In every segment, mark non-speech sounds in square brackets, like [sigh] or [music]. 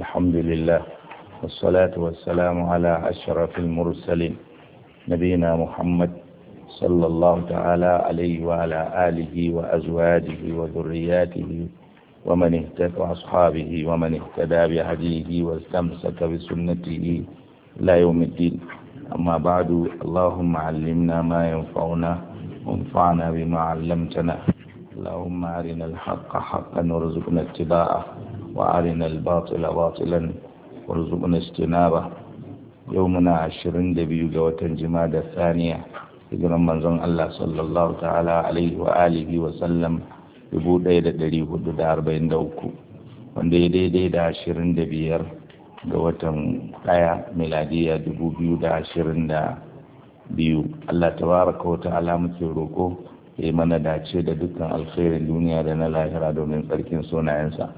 الحمد لله والصلاة والسلام على أشرف المرسلين نبينا محمد صلى الله تعالى عليه وعلى آله وأزواجه وذرياته ومن اهتدى أصحابه ومن اهتدى بهديه واستمسك بسنته لا يوم الدين أما بعد اللهم علمنا ما ينفعنا وانفعنا بما علمتنا اللهم أرنا الحق حقا وارزقنا اتباعه وأرنا الباطل باطلا وارزقنا اجتنابه يومنا jima'a da جواتن جماد الثانية hijiran manzon Allah sallallahu ta'ala alaihi wa alihi wa sallam 1443 wanda ya daidai da 25 ga watan daya miladiya 2022 Allah tabaraka wa ta'ala muke roko ya mana dace da dukkan alkhairin duniya da na lahira domin tsarkin sunayensa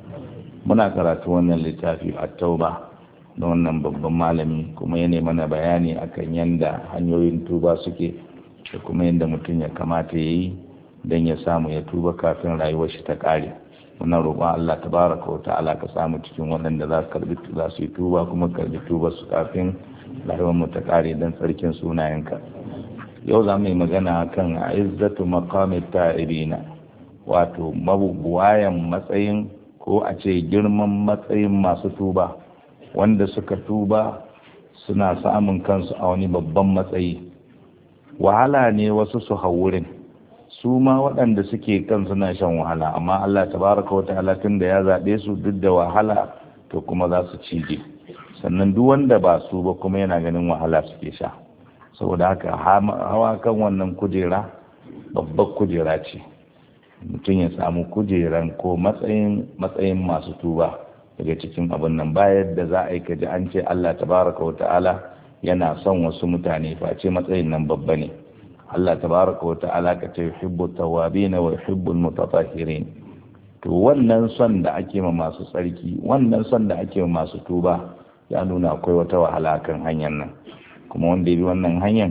muna karatu wannan littafi a tauba da wannan babban malami kuma yana mana bayani akan yadda hanyoyin tuba suke da kuma yanda mutum ya kamata ya yi don ya samu ya tuba kafin rayuwar shi ta ƙare muna roƙon Allah tabaraka wa ta'ala ka samu cikin waɗanda za su karbi za su yi tuba kuma karbi tuba su kafin rayuwar mu ta ƙare don tsarkin sunayenka yau za mu yi magana kan izzatu maqamit ta'irina wato mabuwayan matsayin ko a ce girman matsayin masu tuba wanda suka tuba suna samun kansu a wani babban matsayi wahala ne wasu su haurin su ma waɗanda suke kan suna shan wahala amma Allah ta wa ta'ala tun da ya zaɓe su duk da wahala to kuma za su cije sannan duk wanda ba su ba kuma yana ganin wahala suke sha saboda haka hawa kan wannan kujera babbar kujera ce mutum ya samu kujeran ko matsayin matsayin masu tuba daga cikin abin nan bayan da za a yi kaji an ce Allah tabaraka wa ta'ala yana son wasu mutane face matsayin nan babba ne Allah tabaraka wa ta'ala ka ce yuhibbu tawabin wa yuhibbu mutatahirin to wannan son da ake ma masu tsarki wannan son da ake ma masu tuba ya nuna akwai wata wahala kan hanyar nan kuma wanda ya bi wannan hanyar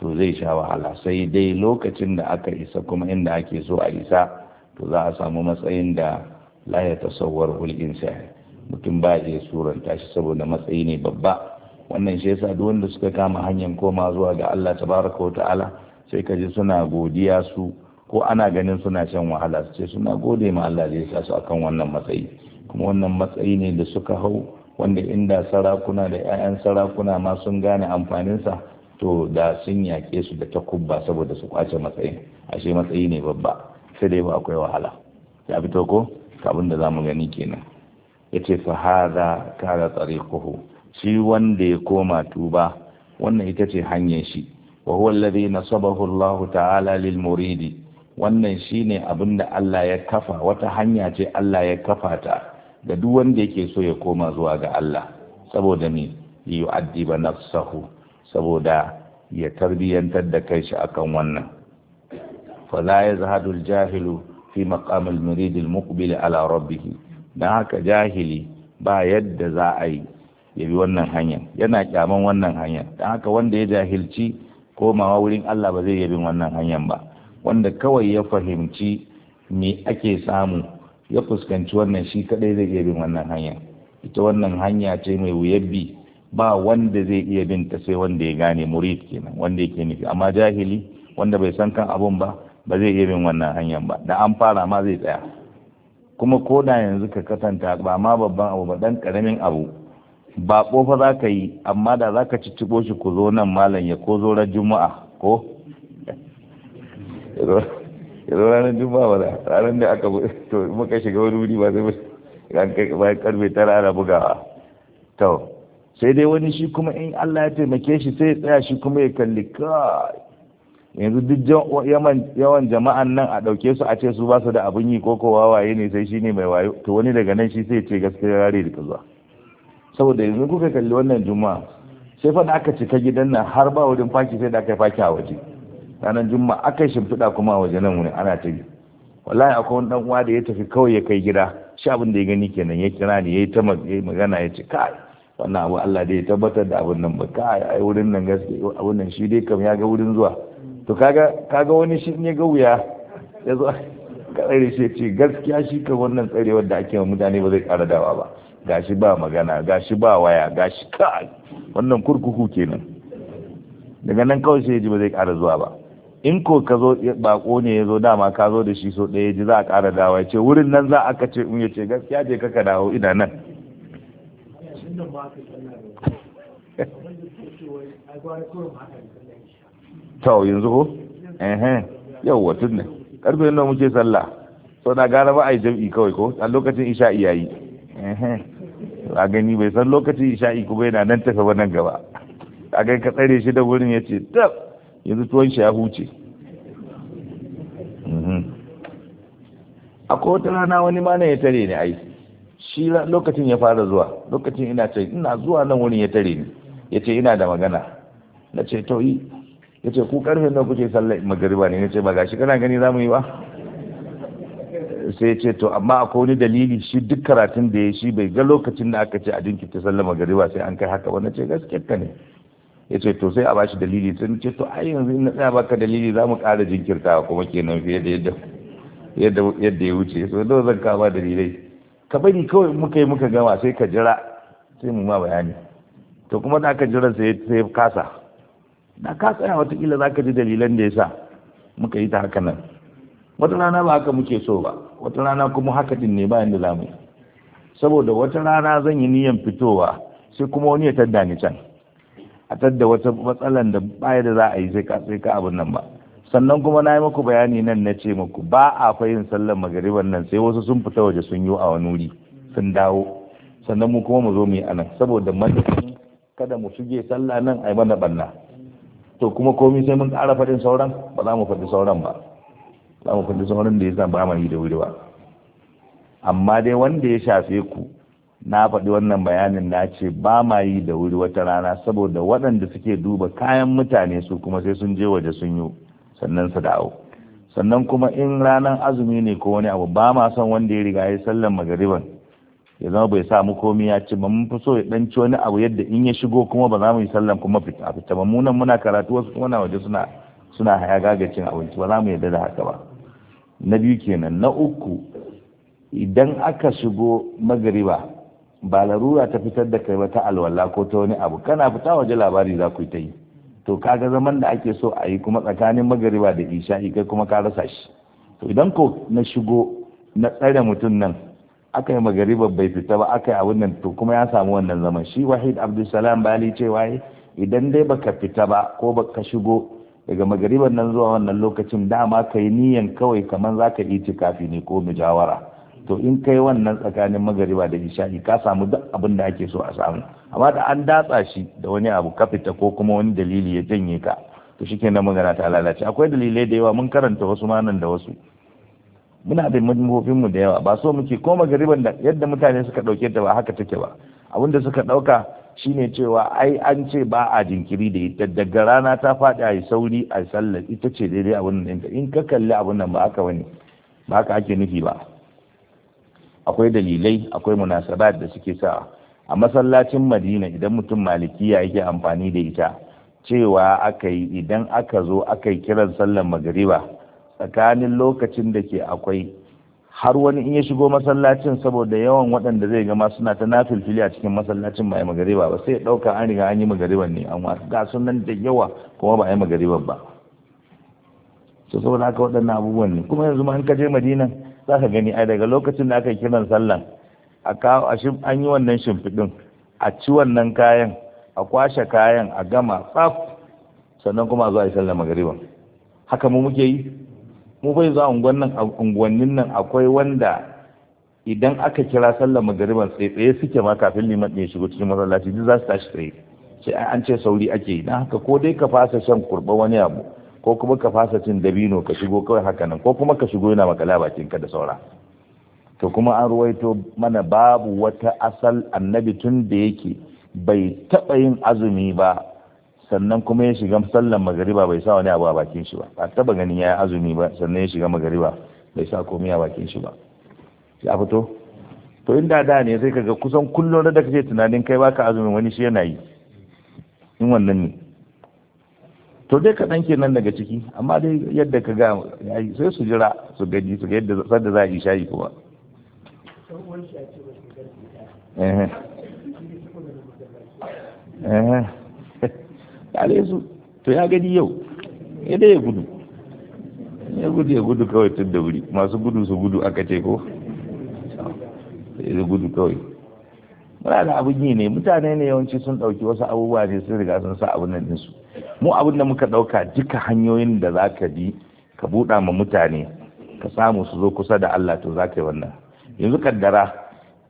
to zai sha wahala sai dai lokacin da aka isa kuma inda ake so a isa to za a samu matsayin da la ya hulgin insan mutum ba ya suranta shi saboda matsayi ne babba wannan shi yasa duk wanda suka kama hanyar koma zuwa ga Allah ta baraka wa ta'ala sai ka ji suna godiya su ko ana ganin suna shan wahala su ce suna gode ma Allah zai sa su akan wannan matsayi kuma wannan matsayi ne da suka hau wanda inda sarakuna da 'ya'yan sarakuna ma sun gane amfaninsa to da sun yaƙe su da takubba saboda su kwace matsayin ashe matsayi ne babba sai dai ba akwai wahala ya fito ko abin da zamu gani kenan yace fa kada tsare tariquhu shi wanda ya koma tuba wannan ita ce hanyar shi wa huwa alladhi nasabahu Allah ta'ala lil muridi wannan shine abin da Allah ya kafa wata hanya ce Allah ya kafa ta ga duk wanda yake so ya koma zuwa ga Allah saboda ni yu'addiba nafsahu saboda ya tarbiyyantar da kai shi akan wannan fala ya zahadul jahilu fi maqamil muridil muqbil ala rabbih dan haka jahili ba yadda za a yi ya bi wannan hanyar yana kyaman wannan hanyar dan haka wanda ya jahilci ko komawa wurin Allah ba zai yi bin wannan hanyar ba wanda kawai ya fahimci me ake samu ya fuskanci wannan shi kadai zai yi bin wannan hanyar ita wannan hanya ce mai wuyabbi ba wanda zai iya bin ta sai wanda ya gane murid kenan wanda yake nufi amma jahili wanda bai san kan abun ba ba zai iya bin wannan hanyar ba da an fara ma zai tsaya kuma ko da yanzu ka kasanta ba ma babban abu ba dan karamin abu ba kofa za ka yi amma da za ka cicciko shi ku zo nan malam ya ko zo ran juma'a ko yanzu ranar juma'a ba ranar da aka to muka shiga wani wuri ba sai ba karfe tara ana bugawa to sai dai wani shi kuma in Allah ya taimake shi sai ya tsaya shi kuma ya kalli kai yanzu duk yawan jama'an nan a ɗauke su a ce su ba su da abin yi ko kowa waye ne sai shi mai wayo to wani daga nan shi sai ce gaskiya rare da kaza saboda yanzu kuka kalli wannan juma'a sai fa da aka cika gidan nan har ba wurin faki sai da aka faki a waje ranar juma'a aka yi shimfiɗa kuma a waje nan wani ana ta yi wallahi akwai wani dan uwa da ya tafi kawai ya kai gida shi abin da ya gani kenan ya kira ni ya yi ta magana ya ce kai wannan abu Allah dai ya tabbatar da abin nan ba ka ai wurin nan gaske abin nan shi dai kam ya ga wurin zuwa to kaga kaga wani shi ne ga wuya ya zo ka tsare shi ce gaskiya shi kan wannan tsarewar da ake wa mutane ba zai ƙara dawa ba gashi ba magana gashi ba waya gashi ka wannan kurkuku kenan daga nan kawai sai ji ba zai ƙara zuwa ba in ko ka zo bako ne ya zo dama ka zo da shi so ɗaya ji za a ƙara dawa ya ce wurin nan za a ce in ya ce gaskiya je kaka dawo ina nan nan ba ka sallah to yanzu ko Ehe, yau tun ne karfe nawa muke sallah so na gara ba a yi jam'i kawai ko a lokacin isha'i yi, Ehe, a gani bai san lokacin isha'i kuma yana nan tafa ba nan gaba a gani ka tsare shi da wurin ya ce tab yanzu tuwon shi ya huce akwai wata rana wani ma ya tare ne aiki. shi lokacin ya fara zuwa lokacin ina ce ina zuwa nan wurin ya tare ni ya ce ina da magana na ce to yi ya ce ku karfe nan kuke sallar magariba ne na ce ba gashi kana gani za mu yi ba sai ya ce to amma akwai wani dalili shi duk karatun da ya shi bai ga lokacin da aka ce a dinkita sallar magariba sai an kai haka na ce gaskiyar ka ne ya ce to sai a bashi dalili sai ce to ai yanzu in na tsaya baka dalili za mu kara jinkirtawa kuma kenan fiye da yadda yadda ya wuce so zan kama dalilai ka bari kawai muka yi muka gama sai ka jira sai mu ma bayani to kuma da aka jira sai sai kasa da kasa tsaya watakila za ka ji dalilan da ya sa muka yi ta haka nan wata rana ba haka muke so ba wata rana kuma haka din ne bayan da zamu saboda wata rana zan yi niyan fitowa sai kuma wani ya tadda ni can a tadda wata matsalan da baya da za a yi sai ka sai ka abin nan ba sannan kuma na yi muku bayani nan na ce muku ba a yin sallar magariban nan sai wasu sun fita waje sun yi a wani wuri sun dawo sannan mu kuma mu zo mu yi anan saboda manufin kada mu shige sallah nan a yi mana banna to kuma komai sai mun ƙara faɗin sauran ba za mu faɗi sauran ba za mu faɗi sauran da ya sa ba mu da wuri ba amma dai wanda ya shafe ku na faɗi wannan bayanin na ce ba ma yi da wuri wata rana saboda waɗanda suke duba kayan mutane su kuma sai sun je waje sun yi sannan su dawo sannan kuma in ranar azumi ne ko wani abu ba ma son wanda ya riga ya sallan magariban ya zama bai samu komi ya ci ba mun fi so ya dan ci wani abu yadda in ya shigo kuma ba za mu yi sallan kuma fita fita ba munan muna karatu wasu kuma na waje suna suna haya gagacin abinci ba za mu yarda da haka ba na biyu kenan na uku idan aka shigo magariba ba larura ta fitar da kai ba ta alwala ko ta wani abu kana fita waje labari za ku yi ta yi to kaga zaman da ake so a yi kuma tsakanin magariba da isha'i kai kuma ka rasa shi to idan ko na shigo na tsare mutum nan aka yi magariba bai fita ba aka yi abin nan to kuma ya samu wannan zaman shi wahid abdulsalam bali cewa idan dai baka fita ba ko baka shigo daga magariban nan zuwa wannan lokacin dama ka yi niyan kawai kamar za ka yi tikafi ne ko mujawara to in kai wannan tsakanin magariba da isha'i ka samu duk abin da ake so a samu amma da an datsa shi da wani abu ka fita ko kuma wani dalili ya janye ka to kenan magana ta lalace akwai dalilai da yawa mun karanta wasu ma nan da wasu muna da manufofin da yawa ba so muke ko magariban da yadda mutane suka dauke ta ba haka take ba abin da suka dauka shine cewa ai an ce ba a jinkiri da ita daga rana ta faɗi a yi sauri a sallar ita ce daidai abin nan in ka kalli abin nan ba haka bane ba haka ake nufi ba akwai dalilai akwai munasabat da suke sa a masallacin madina idan mutum malikiya yake amfani da ita cewa aka yi idan aka zo aka yi kiran sallar magariba tsakanin lokacin da ke akwai har wani in ya shigo masallacin saboda yawan waɗanda zai gama suna ta nafilfili a cikin masallacin ba magariba ba sai ya ɗauka an riga an yi magariban ne an wasu ga sunan da yawa kuma ba a yi magariban ba to saboda haka waɗannan abubuwan ne kuma yanzu ma an kaje madina za ka gani a daga lokacin da aka yi kiran sallan an yi wannan shimfiɗin a ci wannan kayan a kwashe kayan a gama tsaf sannan kuma a zo a yi sallar magariba haka mu muke yi mu bai zuwa unguwannin nan akwai wanda idan aka kira sallar magariban sai tsaye suke ma kafin liman ya shigo cikin masallaci duk za su tashi tsaye sai an ce sauri ake yi dan haka ko dai ka fasa shan kurba wani abu ko kuma ka fasa cin dabino ka shigo kawai haka nan ko kuma ka shigo yana makala bakin ka da saura to kuma an ruwaito mana babu wata asal annabi tun da yake bai taɓa yin azumi ba sannan kuma ya shiga sallan magariba bai sa wani abu a bakin shi ba ba taɓa ganin ya azumi ba sannan ya shiga magariba bai sa komai a bakin shi ba ya fito to in da ne sai kaga kusan kullum da kake tunanin kai baka azumin wani shi yana yi in wannan ne to dai kaɗan kenan daga ciki amma dai yadda ka ga yayi sai su jira su gaji su yadda sadda za a yi shayi kuma su to ya gani yau ya dai ya gudu ya gudu ya gudu kawai tun da wuri masu gudu su gudu aka ce ko ya gudu kawai muna da abin yi ne mutane ne yawanci sun ɗauki wasu abubuwa ne sun riga sun sa abin nan dinsu mu abin da muka ɗauka duka hanyoyin da za ka bi ka buɗa ma mutane ka samu su zo kusa da Allah to za ka yi wannan yanzu kaddara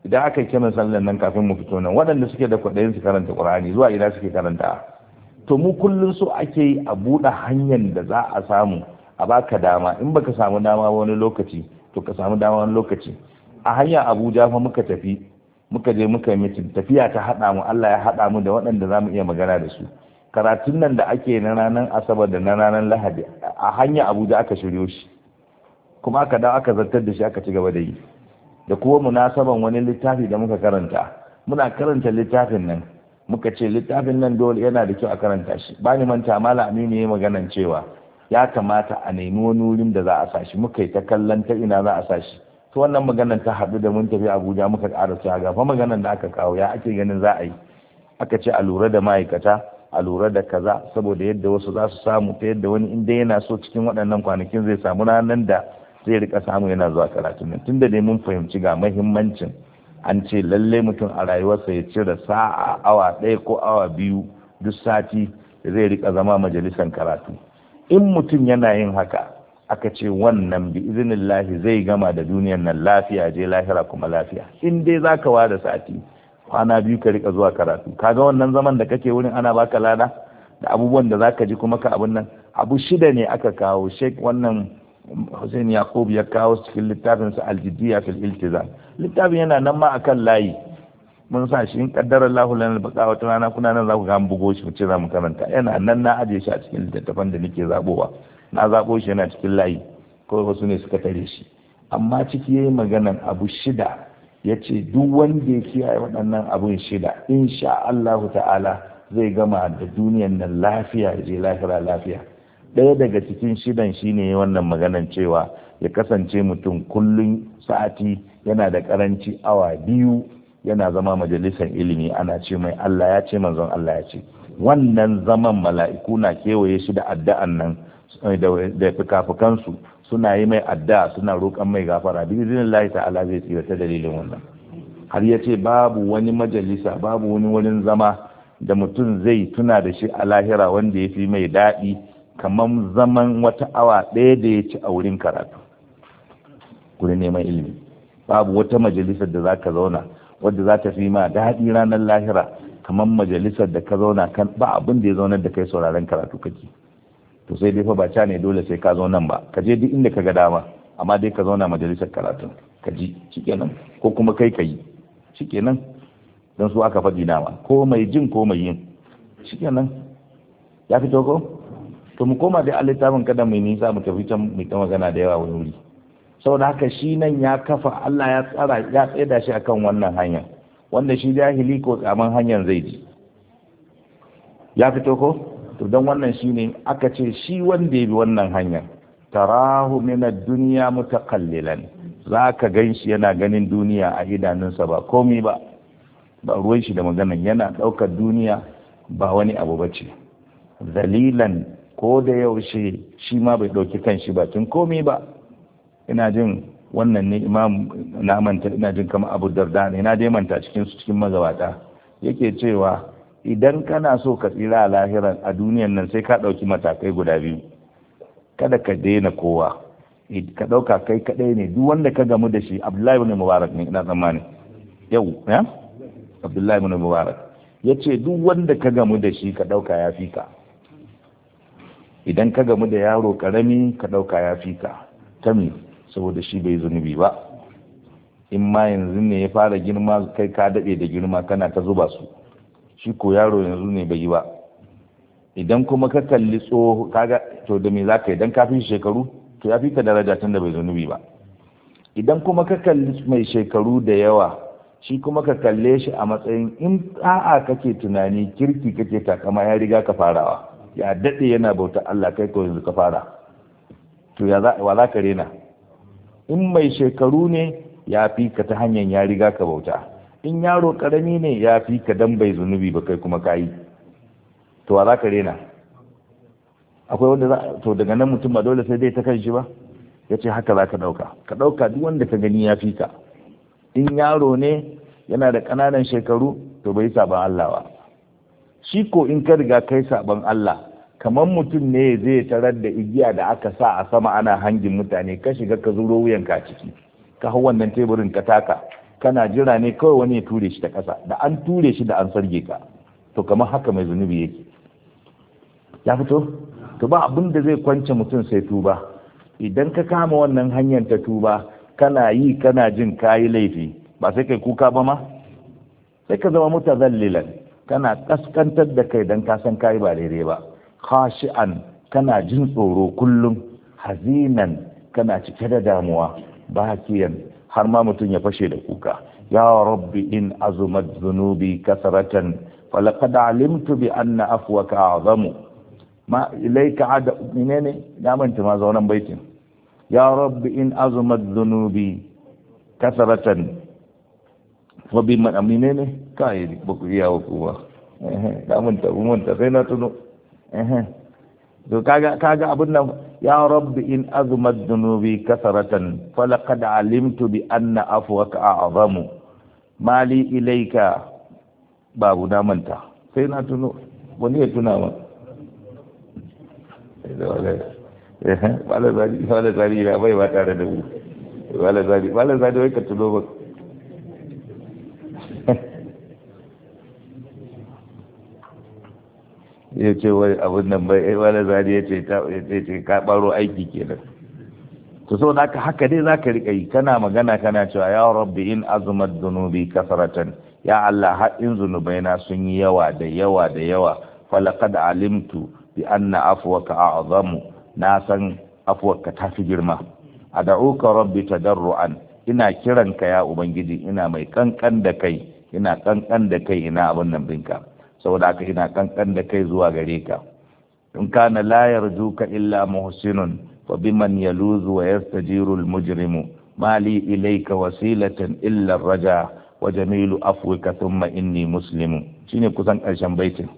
idan aka yi kiran sallan nan kafin mu fito nan wadanda suke da kwaɗayin su karanta ƙur'ani zuwa ina suke karanta to mu kullum su ake yi a buɗe hanyar da za a samu a baka dama in baka samu dama wani lokaci to ka samu dama wani lokaci a hanya abuja fa muka tafi muka je muka mitin tafiya ta haɗa mu Allah ya haɗa mu da waɗanda za mu iya magana da su karatun nan da ake na ranar asabar da na ranar lahadi a hanya abuja aka shiryo shi kuma aka dawo aka zartar da shi aka ci gaba da yi da kuma munasaban wani littafi da muka karanta muna karanta littafin nan muka ce littafin nan dole yana da kyau a karanta shi Bani manta mala aminu ya yi maganan cewa ya kamata a nemi wani wurin da za a shi muka yi ta kallon ta ina za a sashi to wannan maganar ta haɗu da mun tafi abuja muka ƙara cewa ga fa maganar da aka kawo ya ake ganin za a yi aka ce a lura da ma'aikata a lura da kaza saboda yadda wasu za su samu ta yadda wani inda yana so cikin waɗannan kwanakin zai samu ranar da zai rika samu yana zuwa karatu. nan tunda dai mun fahimci ga mahimmancin an ce lalle mutum a rayuwarsa ya cire sa'a awa ɗaya ko awa biyu duk sati da zai rika zama majalisan karatu in mutum yana yin haka aka ce wannan bi lahi zai gama da duniyar nan lafiya je lahira kuma lafiya in dai zaka wada sati kwana biyu ka rika zuwa karatu kaga wannan zaman da kake wurin ana baka lada da abubuwan da zaka ji kuma ka abin nan abu shida ne aka kawo sheik wannan Hussein yakubu ya kawo cikin littafin sa al fil Iltizam littafin yana nan ma akan layi mun sa shi in kaddara Allahu lana baka wata rana kuna nan za ku ga bugo shi mu ce za mu karanta yana nan na aje shi a cikin littattafan da nake zabowa na zaɓo shi yana cikin layi kawai wasu ne suka tare shi amma ciki yayi yi maganan abu shida ya ce duk wanda ya kiyaye waɗannan abun shida insha Allahu ta'ala zai gama da duniyan nan lafiya ya je lafiya lafiya ɗaya daga cikin shidan shine wannan maganan cewa ya kasance mutum kullum sa'ati yana da karanci awa biyu yana zama majalisar ilimi ana ce mai Allah ya ce manzon Allah ya ce wannan zaman mala'iku na kewaye shi da addu'an nan Eh, da fikafikansu suna yi mai adda suna roƙon mai gafara bi layi lahi ta'ala zai tsira ta dalilin wannan har ya ce babu wani majalisa babu wani wurin zama da mutum zai tuna da shi a lahira wanda ya fi mai daɗi kamar zaman wata awa ɗaya da ya ci a wurin karatu wurin neman ilimi babu wata majalisar da za ka zauna wadda za ta fi ma daɗi ranar lahira kamar majalisar da ka zauna kan ba abin da ya zaunar da kai sauraren karatu kaki. to sai dai fa ba ca ne dole sai ka zo nan ba ka je duk inda ka ga dama amma dai ka zauna majalisar karatu. ka ji shikenan ko kuma kai ka yi shikenan don su aka faɗi nama ko mai jin ko mai yin shikenan ya fito ko to mu koma dai alittafin kada mu nisa mu tafi can mu ta magana da yawa wani wuri saboda haka shi nan ya kafa Allah ya tsara ya tsaida shi akan wannan hanyar wanda shi jahili ko tsaman hanyar zai ji ya fito ko to don wannan shi ne, aka ce shi wanda ya bi wannan hanyar tarahu duniya mutakallilan Za ka gan shi yana ganin duniya a idanunsa ba komi ba ba ruwan shi da maganan yana ɗaukar duniya ba wani abu ba ce. zalilan ko da yaushe shi ma bai dauki kanshi ba tun komi ba ina jin wannan ne imam na manta ina jin kama abu darda ne na dai manta cikin su cikin magabata yake cewa idan kana so ka tsira a lahiran a duniyan nan sai ka ɗauki matakai guda biyu kada ka daina kowa eh, ka ɗauka kai kaɗai ne duk wanda ka gamu da shi abdullahi ibn mubarak ne ina tsammani yau ya abdullahi ibn mubarak ya ce duk wanda ka gamu da shi ka ɗauka ya fi ka idan ka gamu da yaro ƙarami ka ɗauka ya fi ka ta me saboda shi bai zunubi ba in ma yanzu ne ya fara girma kai ka daɗe da girma kana ta zuba su shi ko yaro yanzu ne bai yi ba idan kuma ka kalli tsoho kaga to da me zaka idan ka fi shekaru to ya fi ka daraja tun da bai zunubi ba idan kuma ka kalli mai shekaru da yawa shi kuma ka kalle shi a matsayin in a'a kake tunani kirki kake takama ya riga ka farawa ya daɗe yana bauta Allah kai ko yanzu ka fara to ya za wa za rena in mai shekaru ne ya fi ka ta hanyar ya riga ka bauta in yaro karami ne ya fi ka dan bai zunubi ba kai kuma kayi to wa za ka rena akwai wanda to daga nan mutum ba dole sai dai ta kan shi ba ya ce haka za ka ɗauka ka ɗauka duk wanda ka gani ya fi ka in yaro ne yana da ƙananan shekaru to bai saban Allah ba shi ko in ka riga kai sabon Allah kamar mutum ne zai tarar da igiya da aka sa a sama ana hangin mutane ka shiga ka zuro wuyan ka ciki ka hau wannan teburin ka taka kana jira ne kawai wani ya ture shi da ƙasa da an ture shi da an sarge ka to kamar haka mai zunubi yake ya fito to ba abin da zai kwance mutum sai tuba idan ka kama wannan hanyar ta tuba kana yi kana jin kayi laifi ba sai kai kuka ba ma sai ka zama mutazallilan kana kaskantar da kai dan ka san kayi ba daidai ba khashi'an kana jin tsoro kullum hazinan kana cike da damuwa bakiyan har ma mutum ya fashe da kuka ya rabbi in azumat zunubi kasaratan falaqad alimtu bi anna afwaka azamu ma ilayka ada menene na manta ma zaunan baitin ya rabbi in azumat zunubi kasaratan fa bi man menene kai ba ya iya ba eh na manta mun ta sai na tuno eh to kaga kaga abin nan يا رب إن أذمت الذنوب كثرة فلقد علمت بأن أفوك أعظم ما لي إليك باب نامنتا سينا تنو وني تنام wala zari wala zari na bai ba tare da mu wala zari wala zari wai ka tuno ba ya ce wai abin nan bai wani eh, zari ya ce ka baro aiki kenan to so da haka dai za ka riƙa yi kana magana kana cewa ya rabbi in azumar zunubi kasaratan ya Allah zunubai na sun yi yawa da yawa da yawa falakad alimtu bi anna afwaka a'zamu na san afwaka ta fi girma A ad'uka rabbi tadarruan ina kiran ka ya ubangiji ina mai kankan da kai ina kankan da kai ina abin nan binka saboda haka ina kankan da kai zuwa gare ka in kana la juka illa muhsinun fa biman yaluzu wa yastajiru al mujrimu mali ilayka wasilatan illa raja wa jamilu afwika thumma inni muslimu shine kusan karshen baitin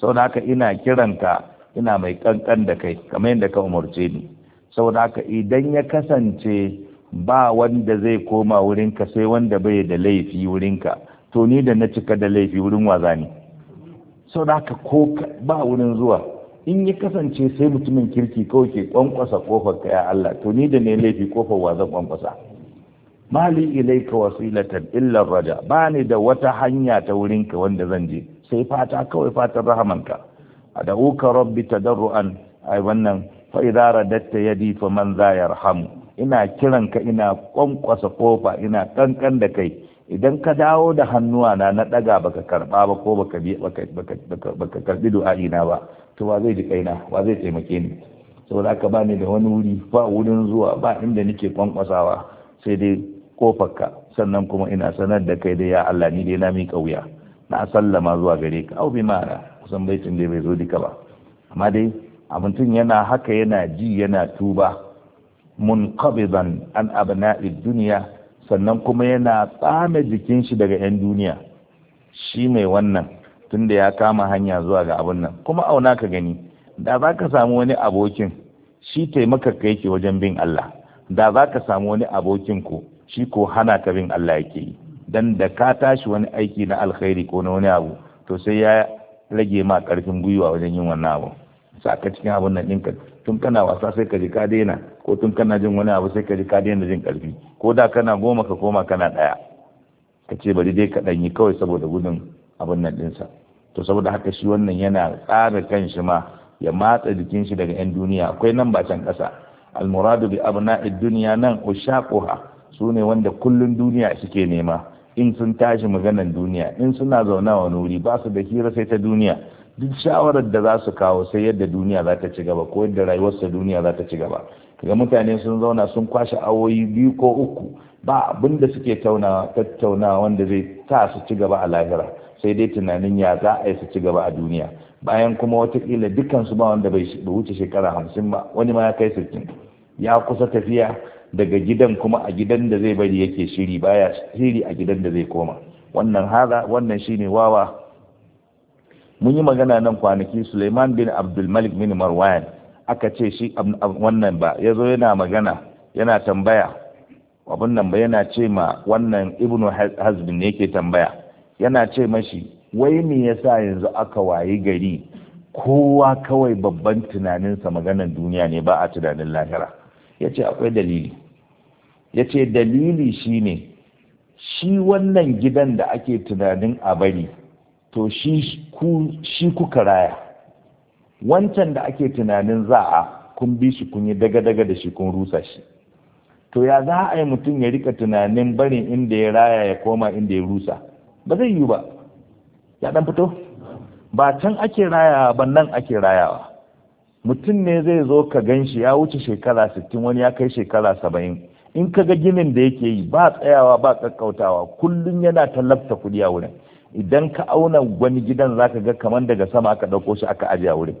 saboda aka ina kiranka ina mai kankan da kai kamar yadda ka umarce ni saboda aka idan ya kasance ba wanda zai koma wurinka sai wanda bai da laifi wurinka to ni da na cika da laifi wurin waza ne sau da haka ko ba wurin zuwa in ya kasance sai mutumin kirki kawai ke kwankwasa kofar ka ya Allah to ni da ne laifi kofar wa zan kwankwasa mali ilaika wasilatan illa raja ba ni da wata hanya ta wurin ka wanda zan je sai fata kawai fatan rahaman rahamanka ad'uka rabbi tadarruan ai wannan fa idza radatta yadi fa man za yarhamu ina kiranka ina ƙwanƙwasa ƙofa ina kankan da kai idan ka dawo da hannuwa na na daga baka karba ba ko baka baka karbi du'a'i na ba to wa zai ji kaina wa zai taimake ni saboda aka bani da wani wuri ba wurin zuwa ba inda nake kwankwasawa sai dai kofarka sannan kuma ina sanar da kai da ya Allah ni dai na mika wuya na sallama zuwa gare ka au bi mara kusan baitin dai bai zo duka ba amma dai abuntun yana haka yana ji yana tuba munqabidan an abna'id duniya sannan kuma yana tsame jikin shi daga 'yan duniya shi mai wannan tunda ya kama hanya zuwa ga abin nan kuma auna ka gani da za ka samu wani abokin shi taimaka ka yake wajen bin Allah da za ka samu wani abokin ko shi ko hana ka bin Allah yake yi dan da ka tashi wani aiki na alkhairi ko na wani abu to sai ya rage ma karfin gwiwa wajen yin wannan abu saka cikin abin nan ɗinka tun kana wasa sai ka ji ka daina ko tun kana jin wani abu sai ka ji ka daina jin karfi ko da kana goma ka koma kana daya ka ce bari dai ka yi kawai saboda gudun abin nan dinsa to saboda haka shi wannan yana tsara shi ma ya matsa jikin shi daga yan duniya akwai nan ba can kasa almuradu bi abna'id dunya nan ushaquha sune wanda kullun duniya suke nema in sun tashi maganan duniya in suna zauna wa nuri ba su da hira sai ta duniya duk shawarar da za su kawo sai yadda duniya za ta ci gaba ko yadda rayuwarsa duniya za ta ci gaba kaga mutane sun zauna sun kwashe awoyi biyu ko uku ba abin da suke tattaunawa wanda zai ta su ci gaba a lahira sai dai tunanin ya za a yi su ci gaba a duniya bayan kuma watakila dukansu ba wanda bai wuce shekara hamsin ba wani ma ya kai sittin ya kusa tafiya daga gidan kuma a gidan da zai bari yake shiri baya shiri a gidan da zai koma wannan haza wannan shine wawa mun yi magana nan kwanaki Suleiman bin Abdul Malik bin Marwan aka ce shi wannan ba ya zo yana magana yana tambaya abin nan ba yana ce ma wannan ibnu hazbin ne yake tambaya yana ce mashi wai me yasa yanzu aka wayi gari kowa kawai babban tunaninsa maganan duniya ne ba a tunanin lahira ya ce akwai dalili ya ce dalili shine shi wannan gidan da ake tunanin a bari to shi kuka raya wancan da ake tunanin za a kun bi shi kun yi daga-daga da shi kun rusa shi to ya za a yi mutum ya rika tunanin barin inda ya raya ya koma inda ya rusa ba zai yi ba ya dan fito ba can ake rayawa ba nan ake rayawa mutum ne zai zo ka gan shi ya wuce shekara sittin wani ya kai shekara saba'in in ka ga ginin da yake yi ba tsayawa ba kakkautawa kullum yana tallafta kuɗi a wurin idan ka auna wani gidan zaka ga kamar daga sama aka ɗauko shi aka ajiye a wurin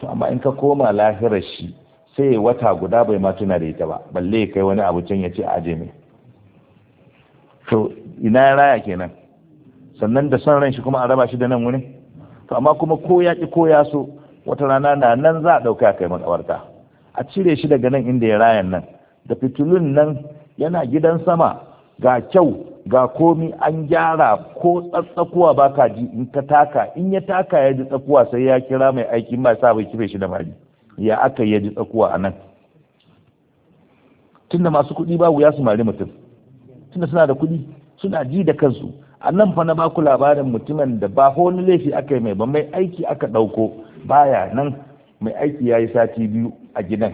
to amma in ka koma lahirar shi sai wata guda bai ma tuna da ita ba balle kai wani abu can ya ce aje mai to ina raya kenan sannan da son ran shi kuma a raba shi da nan wuni to amma kuma ko ya ki ko ya so wata rana na nan za a ɗauka kai makawarta a cire shi daga nan inda ya rayan nan da fitilun nan yana gidan sama ga kyau ga komi an gyara ko tsatsakuwa ba ka ji in ka taka in ya taka ya ji tsakuwa sai ya kira mai aiki ba sa bai kife shi da mali ya aka ya ji tsakuwa a nan tunda masu kuɗi ba wuya su mari mutum tunda suna da kuɗi suna ji da kansu a nan fa na baku labarin mutumin da ba wani laifi aka yi mai ba mai aiki aka ɗauko baya nan mai aiki ya yi sati biyu a gidan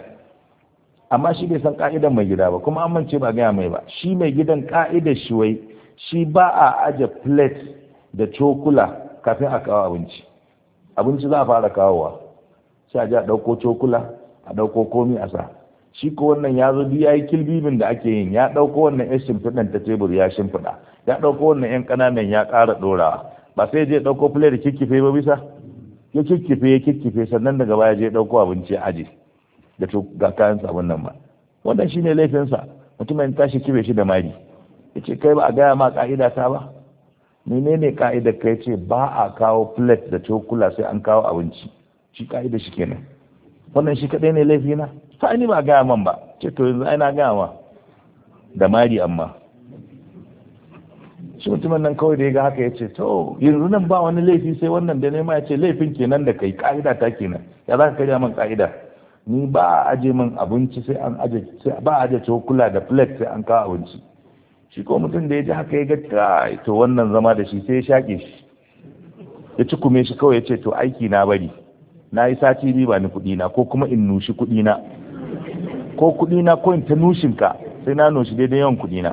amma shi bai san ka'idan mai gida ba kuma amince ba gaya mai ba shi mai gidan ka'idar shi wai shi ba a aje plate da cokula kafin a kawo abinci abinci za a fara kawowa sai a ji a ɗauko cokula a ɗauko komi a sa shi ko wannan ya zo duk ya yi kilbibin da ake yin ya ɗauko wannan yan shimfiɗan ta tebur ya shimfiɗa ya ɗauko wannan yan ƙananan ya ƙara ɗorawa ba sai je ɗauko plate da kikkife ba bisa ya kikkife ya kikkife sannan daga baya je ɗauko abinci a aje da to ga kayan sabon nan ba wannan shine laifinsa mutumin tashi kibe shi da mari ya kai ba a gaya ma ka'ida ta ba menene ka'ida kai ce ba a kawo plate da cokula sai an kawo abinci shi ka'ida shi kenan wannan shi kadai ne laifina ta ni ba a gaya man ba ce to yanzu ai na gaya ma da mari amma shi mutumin nan kawai da ya ga haka ya ce to yanzu nan ba wani laifi sai wannan da nema ya ce laifin kenan da kai ka'ida ta kenan ya za ka karya man ka'ida ni ba a aje min abinci sai an aje ba a aje cokula da plate sai an kawo abinci shi ko mutum da ya ji haka ya ga to wannan zama da shi sai ya shaƙe shi ya ci kume shi kawai ya ce to aiki na bari na yi sati biyu ba ni kuɗi na ko kuma in nushi kuɗi na ko kuɗi na ko in ta nushin ka sai na nushi daidai yawan kuɗi na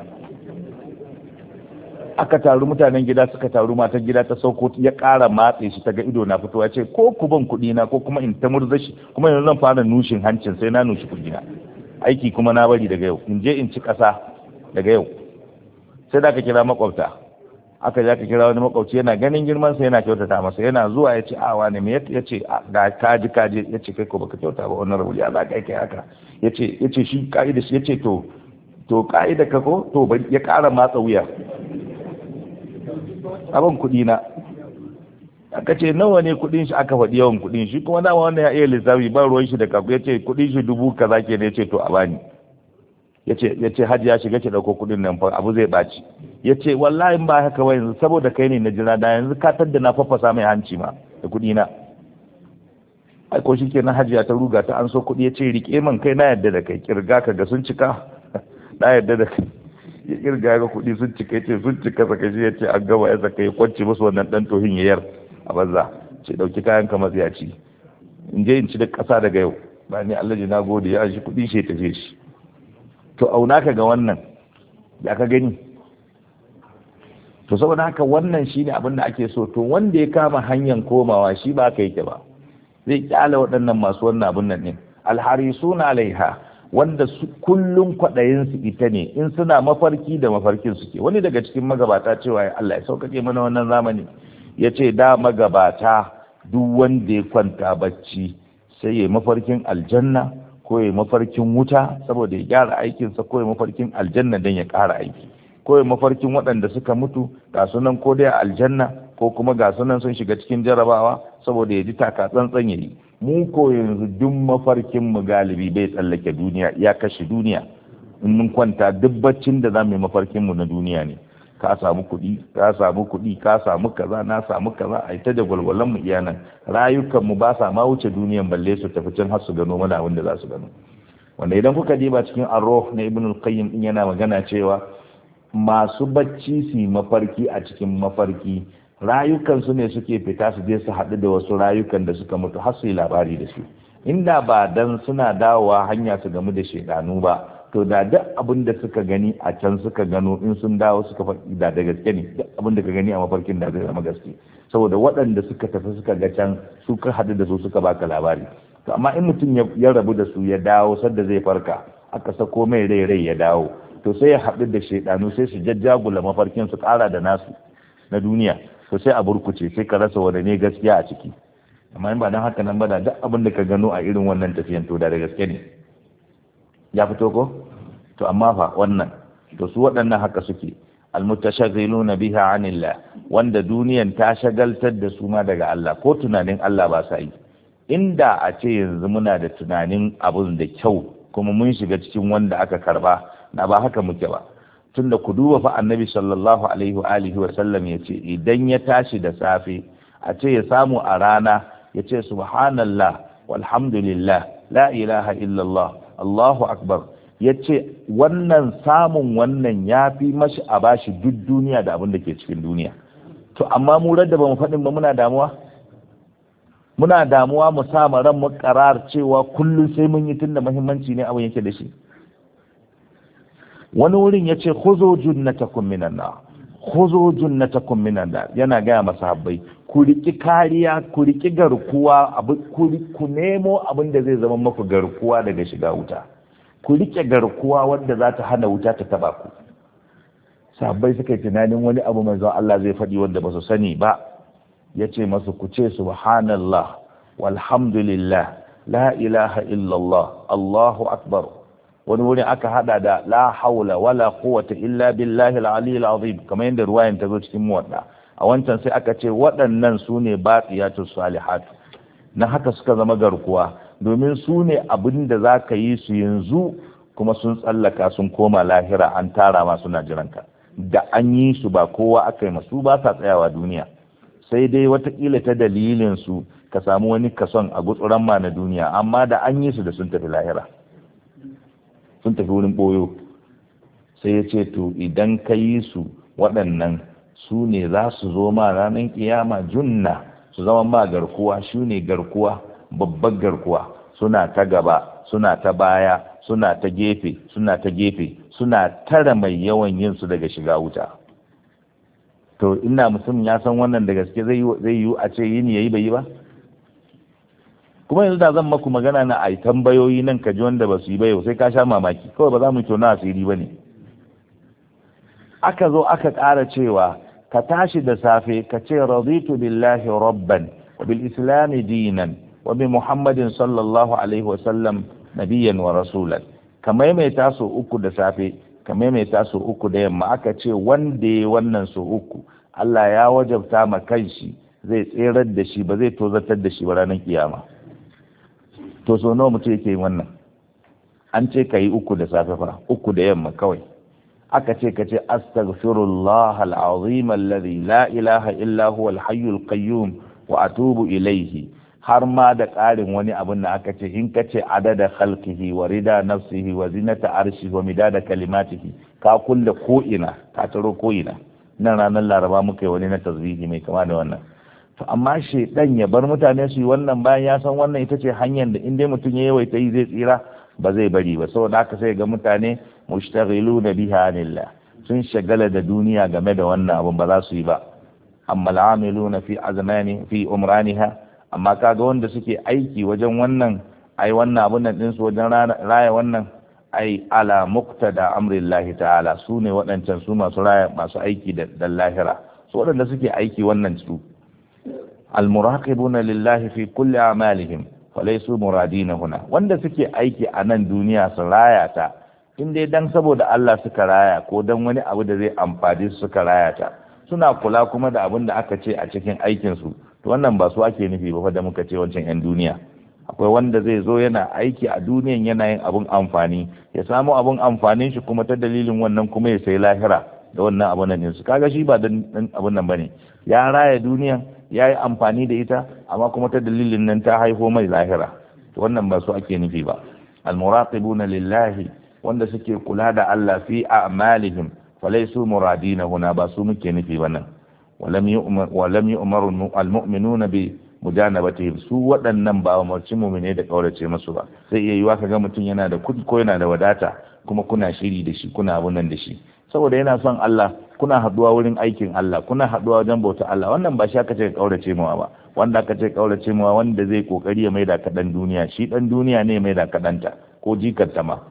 aka taru mutanen gida suka taru matan gida ta sauko ya kara matse shi ta ga ido na fitowa ce ko ku ban kuɗi na ko kuma in ta murza kuma yanzu zan fara nushin hancin sai na nushi kuɗi na aiki kuma na bari daga yau in je in ci ƙasa daga yau sai da aka kira makwabta aka je aka kira wani makwabci yana ganin girman sa yana kyautata masa yana zuwa ya ce awa ne ya ce ga kaji kaji ya ce kai ko baka kyauta ba wannan rubuci ya za kai haka ya ce shi ka'ida shi ya ce to to ka'ida ka ko to ya ƙara matsa wuya abin kuɗi na aka ce nawa ne kuɗin shi aka faɗi yawan kuɗin shi kuma dama wanda ya iya lissafi ba ruwan shi da kaku ya ce kuɗin shi dubu kaza ke ne ya ce to a bani ya ce hajji ya shiga ce ɗauko kuɗin nan fa abu zai ɓaci ya ce wallahi ba haka ba yanzu saboda kai ne na jira da yanzu ka tadda na faffasa mai hanci ma da kuɗi na ai ko shi kenan hajji ta ruga ta an so kuɗi ya ce riƙe man kai na yadda da kai kirga ka ga sun cika [laughs] na yadda da kai ya kirga ga kuɗi sun cika ce sun cika saka shi ya ce an gama ya saka ya kwanci musu wannan ɗan tohin yayar a banza ce ɗauki kayan ka ci in je in ci da ƙasa daga yau ba ni Allah na gode ya shi kuɗi shi ya tafi shi to auna ka ga wannan ya ka gani to saboda haka wannan shine abin da ake so to wanda ya kama hanyar komawa shi ba ka yake ba zai kyale waɗannan masu wannan abin nan ne suna alaiha wanda su kullum kwaɗayinsu ita ne in suna mafarki da mafarkin suke wani daga cikin magabata cewa ya Allah ya sauƙaƙe mana wannan zamani ya ce da magabata duk wanda ya kwanta bacci sai ya mafarkin aljanna ko ya mafarkin wuta saboda ya gyara aikinsa ko ya mafarkin aljanna don ya ƙara aiki ko ya mafarkin waɗanda suka mutu ga sunan ko dai aljanna ko kuma ga sunan sun shiga cikin jarabawa saboda ya ji taka tsantsan ya mu ko yanzu duk mafarkin mu galibi bai tsallake duniya ya kashe duniya in mun kwanta duk baccin da zamu yi mafarkin mu na duniya ne ka samu kuɗi ka samu kuɗi ka samu kaza na samu kaza ai ta gwalgwalan mu iya nan rayukan mu ba sa ma wuce duniyan balle su tafi can har su gano mana abin da za su gano wanda idan kuka diba cikin aro na ibn al-qayyim din yana magana cewa masu bacci su mafarki a cikin mafarki rayukansu ne suke fita su je su haɗu da wasu rayukan da suka mutu har su yi labari da su inda ba dan suna dawowa hanya su gamu da shaidanu ba to da duk abin da suka gani a can suka gano in sun dawo suka faɗi da da gaske ne duk abin da ka gani a mafarkin da zai zama gaske saboda waɗanda suka tafi suka ga can su ka haɗu da su suka baka labari to amma in mutum ya rabu da su ya dawo sadda zai farka aka sako mai rai rai ya dawo to sai ya haɗu da shaidanu sai su jajjagula mafarkin su ƙara da nasu na duniya to sai a burkuce sai ka rasa wani ne gaskiya a ciki amma in ba dan haka nan ba da duk abin da ka gano a irin wannan tafiyan to da gaske ne ya fito ko to amma fa wannan to su waɗannan haka suke almutashaghiluna biha anillah wanda duniyan ta shagaltar da su ma daga Allah ko tunanin Allah ba sa yi inda a ce yanzu muna da tunanin abun da kyau kuma mun shiga cikin wanda aka karba na ba haka muke ba tunda ku duba fa annabi sallallahu alaihi wa alihi wa sallam yace idan ya tashi da safe a ce ya samu a rana yace subhanallah walhamdulillah la ilaha illallah allahu akbar yace wannan samun wannan ya fi mashi a bashi duk duniya da abin da ke cikin duniya to amma mu radda ba mu faɗin ba muna damuwa muna damuwa mu sa ran mu karar cewa kullum sai mun yi tunda muhimmanci ne abin yake da shi wani wurin ya yace khuzu junnatakum minan nar khuzu junnatakum minan nar yana ga masahabbai ku riki kariya ku riki garkuwa ku nemo abin da zai zama maku garkuwa daga shiga wuta ku riƙe garkuwa wanda za ta hana wuta ta taba ku sahabbai suka yi tunanin wani abu mai zuwa Allah zai faɗi wanda ba su sani ba Ya ce masu ku ce subhanallah walhamdulillah la ilaha illallah allahu akbar wani wurin aka hada da la haula wala quwwata illa billahi al-aliyyil azim kamar yanda ruwayan ta zo cikin muwadda a wancan sai aka ce waɗannan su ne batiyatu salihat na haka suka zama garkuwa domin su ne abin da za ka yi su yanzu kuma sun tsallaka sun koma lahira an tara ma suna jiranka da an yi su ba kowa aka yi masu ba sa tsayawa duniya sai dai watakila ta dalilin su ka samu wani kason a gutsuran ma na duniya amma da an yi su da sun tafi lahira sun tafi wurin boyo sai ya ce to idan ka yi su waɗannan su ne za su zo ma ranar kiyama junna su zama ma garkuwa shi ne garkuwa babbar garkuwa suna ta gaba suna ta baya suna ta gefe suna ta gefe suna tara mai yawan yin su daga shiga wuta to ina mutum ya san wannan da gaske zai yi a ce yini yayi bai yi ba kuma yanzu da zan maku magana na ai tambayoyi nan ka ji wanda ba su yi ba yau sai ka sha mamaki kawai ba za mu tona asiri ba ne aka zo aka ƙara cewa ka tashi da safe ka ce raditu billahi rabban wa bil islami dinan wa bi muhammadin sallallahu alaihi wa sallam nabiyan wa rasulan ka maimaita su uku da safe ka maimaita su uku da yamma aka ce wanda ya wannan su uku Allah ya wajabta ma kanshi zai tserar da shi ba zai tozatar da shi ba ranar kiyama to so nawa mutum yake yin wannan an ce ka yi uku da safe fa uku da yamma kawai aka ce ka ce astaghfirullah al'azim alladhi la ilaha illa huwa al-hayyul qayyum wa atubu ilayhi har ma da ƙarin wani abin da aka ce in ka ce adada khalqihi wa rida nafsihi wa zinata arshi wa midada kalimatihi ka kulle ko ina ka taro ko ina nan ranar laraba muka yi wani na tasbihi mai kama da wannan to amma dan ya bar mutane su yi wannan bayan ya san wannan ita ce hanyar da in dai mutum ya yawaita yi zai tsira ba zai bari ba saboda haka sai ga mutane mushtaghilu na biha anillah sun shagala da duniya game da wannan abun ba za su yi ba amma na fi azmani fi umraniha amma kaga wanda suke aiki wajen wannan ai wannan abun nan din su wajen raya wannan ai ala muqtada amrillahi ta'ala su ne waɗancan su masu raya masu aiki da lahira su waɗanda suke aiki wannan su almuraqibuna lillahi fi kulli amalihim falaisu muradina huna wanda suke aiki a nan duniya su raya ta in dai dan saboda Allah suka raya ko dan wani abu da zai amfani su suka raya ta suna kula kuma da abinda aka ce a cikin aikin su to wannan ba su ake nufi ba da muka ce wancan yan duniya akwai wanda zai zo yana aiki a duniyan yana yin abun amfani ya samu abun amfanin shi kuma ta dalilin wannan kuma ya sai lahira da wannan abun nan su kaga shi ba dan abun nan bane ya raya duniyan ya yi amfani da ita amma kuma ta dalilin nan ta haifo mai lahira wannan ba su ake nufi ba almuraqibuna lillahi wanda suke kula da Allah fi a'malihim falaisu muradina huna ba su muke nufi ba nan walam yu'mar walam yu'maru almu'minuna bi mujanabatihim su waɗannan ba umarci mu'mine da kaurace masu ba sai iya yiwa kaga mutum yana da kudi ko yana da wadata kuma kuna shiri da shi kuna nan da shi saboda yana son Allah kuna haduwa wurin aikin Allah kuna haduwa wajen bauta Allah wannan ba shi aka ce kaurace mawa ba wanda aka ce kaurace mawa wanda zai kokari ya maida ka dan duniya shi dan duniya ne maida ka danta ko jikarta ma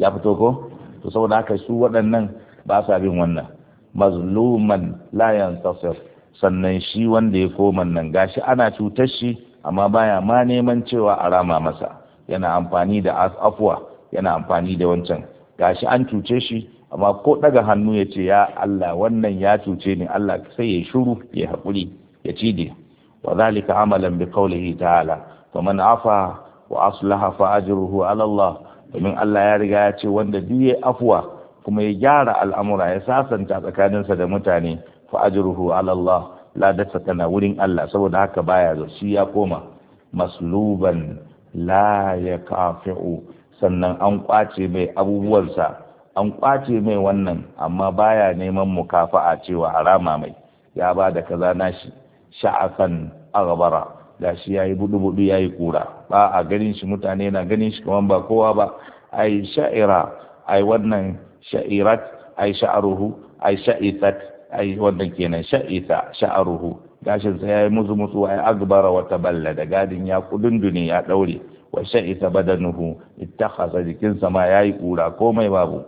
ya fito ko to saboda haka su waɗannan ba sa bin wannan mazluman la yantasir sannan shi wanda ya koma nan gashi ana cutar shi amma baya ma neman cewa a rama masa yana amfani da afwa yana amfani da wancan gashi an cuce shi amma ko daga hannu ya ce ya Allah wannan ya cuce ni Allah sai ya shiru ya haƙuri ya cije wa zalika amalan bi qawlihi ta'ala man afa wa aslaha fa ajruhu ala Allah domin Allah ya riga ya ce wanda duk ya afwa kuma ya gyara al'amura ya sasanta tsakaninsa da mutane fa'ajiruhu alallah ladarsa tana wurin Allah saboda haka baya zo shi ya koma masluban la ya kafi'u sannan an kwace mai abubuwansa an kwace mai wannan amma baya neman mukafa'a cewa harama mai ya ba da kaza nashi sha'akan agbara da shi yayi budu budu yayi kura ba a ganin shi mutane na ganin shi kaman ba kowa ba ai sha'ira ai wannan sha'irat ai sha'aruhu ai sha'isat ai wannan kenan sha'isa sha'aruhu gashin ya yayi musu musu ai agbara wa da gadin ya kudunduni ya daure wa sha'isa badanuhu ittakhasa jikinsa ma yayi kura komai babu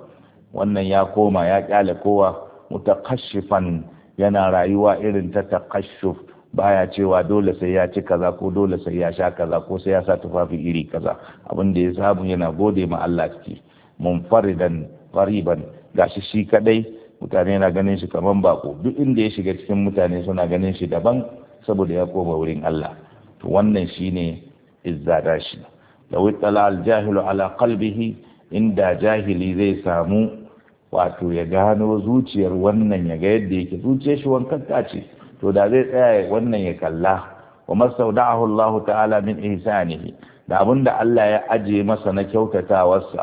wannan ya koma ya kyale kowa mutakashifan yana rayuwa irin ta takashuf baya cewa dole sai ya ci kaza ko dole sai ya sha kaza ko sai ya sa tufafi iri kaza abin da ya samu yana gode ma Allah ciki munfaridan fariban gashi shi kadai mutane na ganin shi kaman bako duk inda ya shiga cikin mutane suna ganin shi daban saboda ya koma wurin Allah to wannan shine izzada dashi law al jahilu ala qalbihi inda jahili zai samu wato ya gano zuciyar wannan ya ga yadda yake zuciyar shi wankakka ce to da zai tsaya wannan ya kalla wa masauda'ahu Allah ta'ala min ihsanihi da abinda Allah ya aje masa na kyautatawarsa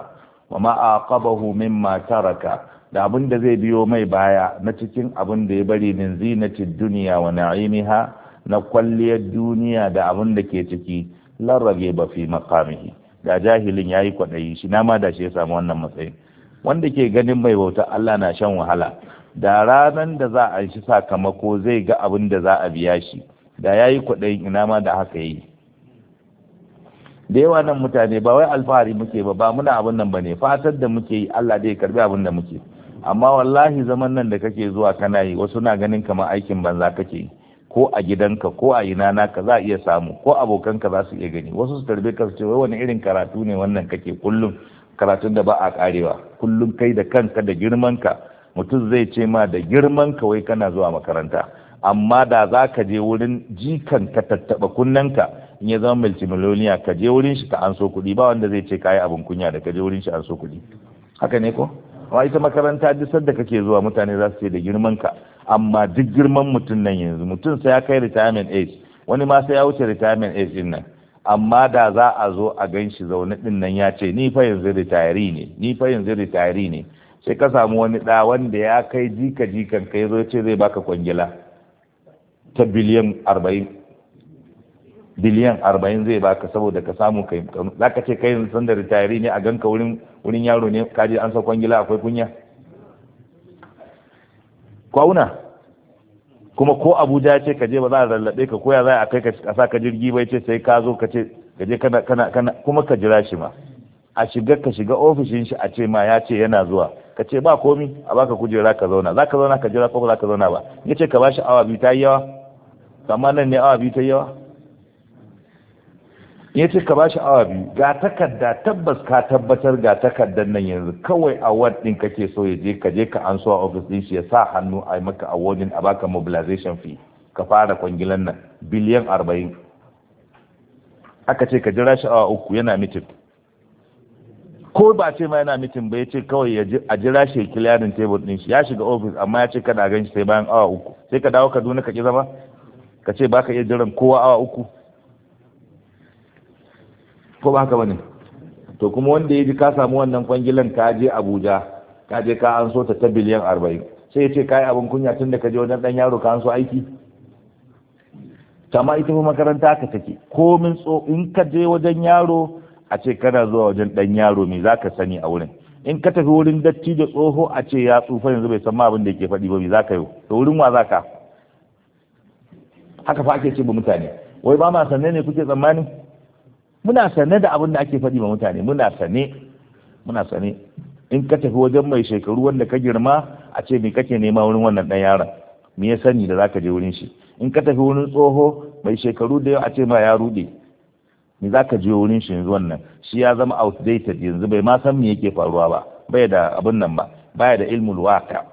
wa ma aqabahu mimma taraka da abinda zai biyo mai baya na cikin abin da ya bari min zinatid dunya wa na'imiha na kwalliyar duniya da abin da ke ciki larrage ba fi makamihi da jahilin ya yi kwaɗayi shi na ma da shi ya samu wannan matsayin wanda ke ganin mai bauta Allah na shan wahala da ranan da za a shi sakamako zai ga abin da za a biya shi da ya yi kwaɗayin ina ma da haka yi da yawa nan mutane ba wai alfahari muke ba ba muna abin nan ba ne fatar da muke yi Allah dai karbi abin da muke amma wallahi zaman nan da kake zuwa kana yi wasu na ganin kamar aikin banza kake yi ko a gidanka ko a ina naka za a iya samu ko abokanka za su iya gani wasu su tarbe ka su ce wai wani irin karatu ne wannan kake kullum karatun da ba a karewa kullum kai da kanka da girmanka mutum zai ce ma da girman ka wai kana zuwa makaranta amma da za ka je wurin jikan ka tattaɓa kunnanka in ya zama multimillionaire ka je wurin shi ka anso kuɗi ba wanda zai ce kayi abin kunya da ka je wurin shi an kuɗi haka ne ko amma ita makaranta duk sanda kake zuwa mutane za su ce da girman ka, amma duk girman mutum nan yanzu mutum sai ya kai retirement age wani ma sai ya wuce retirement age din nan amma da za a zo a gan shi zaune din nan ya ce ni fa yanzu ritayari ne ni fa yanzu ritayari ne sai ka samu wani da wanda ya kai jika jikan ka yazo ce zai baka kwangila ta biliyan arba'in biliyan 40 zai baka saboda ka samu kai za ka ce kai yanzu da ritayari ne a gan ka wurin yaro ne kaji an sa kwangila akwai kunya kwauna kuma ko abuja ce ka je ba za a rallabe ka koya za a kai ka sa ka jirgi bai ce sai ka zo ka ce ka je kana kana kana kuma ka jira shi ma a shiga ka shiga ofishin shi a ce ma ya ce yana zuwa ka ce ba komi a baka kujera ka zauna za ka zauna ka jira ko ba za ka zauna ba ya ce ka bashi awa biyu ta yi yawa amma nan ne awa biyu ta yi yawa ya ce ka ba shi awa biyu ga takarda tabbas ka tabbatar ga takardar nan yanzu kawai award din kake so ya je ka je ka an so a ofis din shi ya sa hannu a maka awarding a baka mobilization fee ka fara kwangilan nan biliyan arba'in aka ce ka jira shi awa uku yana mitin ko ba ce ma yana mitin ba ya ce kawai a jira shi ya clearing tebur din shi ya shiga ofis amma ya ce kana gan shi sai bayan awa uku sai ka dawo kaduna ka ki zama ka ce ba ka iya jiran kowa awa uku ko ba haka bane to kuma wanda ya ji ka samu wannan kwangilan ka je abuja ka je ka an so ta ta biliyan arba'in sai ya ce ka yi kunya tun da ka je wajen ɗan yaro ka an so aiki kama ita makaranta ka take komin tso in ka je wajen yaro a ce kana zuwa wajen ɗan yaro me za ka sani a wurin in ka tafi wurin datti da tsoho a ce ya tsufa yanzu bai san ma abin da yake faɗi ba me za ka yi to wurin wa za ka haka fa ake ce ba mutane wai ba ma sanne ne kuke tsammani muna sane da abin da ake faɗi ma mutane muna sane muna sane in ka tafi wajen mai shekaru wanda ka girma a ce me kake nema wurin wannan ɗan yaron me ya sani da zaka je wurin shi in ka tafi wurin tsoho mai shekaru da yau a ce ma ya rude me zaka je wurin shi yanzu wannan shi ya zama outdated yanzu bai ma san me yake faruwa ba bai da abin nan ba baya da ilmul waqa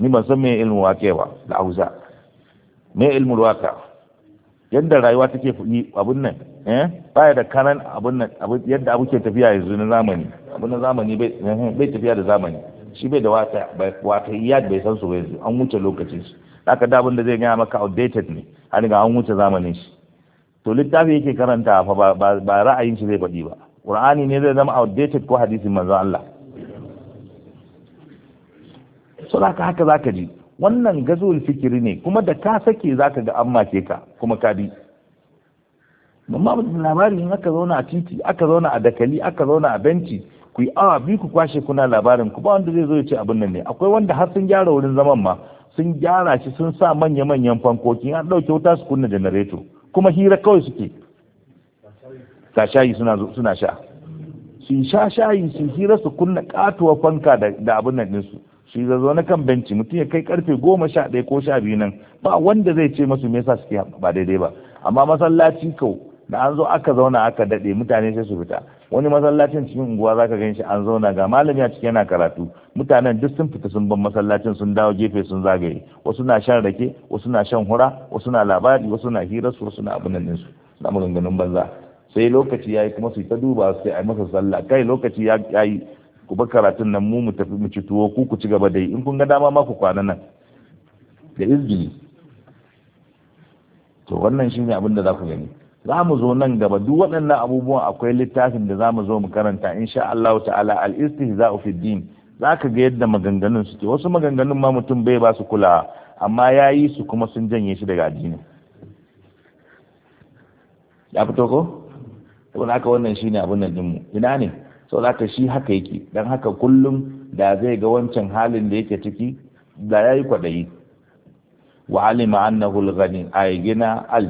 ni ban san me ilmul waqa ba da Hausa me ilmul waqa yanda rayuwa take abin nan Eh? baya da kanan abin yadda abu ke tafiya yanzu na zamani abin na zamani eh, bai tafiya da zamani shi bai da wata wata bai san su bai yanzu an wuce lokacin shi haka da abin da zai gaya maka outdated ne an ga an wuce zamanin shi to littafi yake karanta fa ba ra'ayin shi zai faɗi ba qur'ani ne zai zama outdated ko hadisin manzo Allah so haka haka zaka ji wannan gazul fikiri ne kuma da ka sake zaka ga amma ka kuma ka bi mamma ba labari in aka zauna a titi aka zauna a dakali aka zauna a benci ku yi awa biyu ku kwashe kuna labarin ku ba wanda zai zo ya ce abin nan ne akwai wanda har sun gyara wurin zaman ma sun gyara shi sun sa manya-manyan fankoki an ɗauke wuta su kunna janareto kuma hira kawai suke ta shayi suna sha su sha shayi su hira su kunna katuwa fanka da abin nan ɗinsu su da zo na kan benci mutum ya kai karfe goma sha ɗaya ko sha biyu nan ba wanda zai ce masu me yasa suke ba daidai ba amma masallaci kawai da an zo aka zauna aka daɗe mutane sai su fita wani masallacin cikin unguwa zaka gan shi an zauna ga malami a ciki yana karatu mutanen duk sun fita sun ban masallacin sun dawo gefe sun zagaye wasu na shan rake wasu na shan hura wasu na labari wasu na hira su wasu na abin nan su na maganganun banza sai lokaci yayi kuma su ta duba sai a masa sallah kai lokaci ya yayi ku bar karatun nan mu mu tafi mu ci tuwo ku ku ci gaba da yi in kun ga dama ma ku kwana nan da izini to wannan shine abin da za ku gani za mu zo nan gaba duk waɗannan abubuwan akwai littafin da za mu zo mu karanta insha Allah ta'ala al-istihza'u fi din za ka ga yadda maganganun suke wasu maganganun ma mutum bai ba su kulawa amma ya yi su kuma sun janye shi daga addini ya fito ko saboda haka wannan shi ne abin nan dinmu ina ne saboda haka shi haka yake don haka kullum da zai ga wancan halin da yake ciki da yi kwaɗayi wa alima annahu al-ghani ay gina al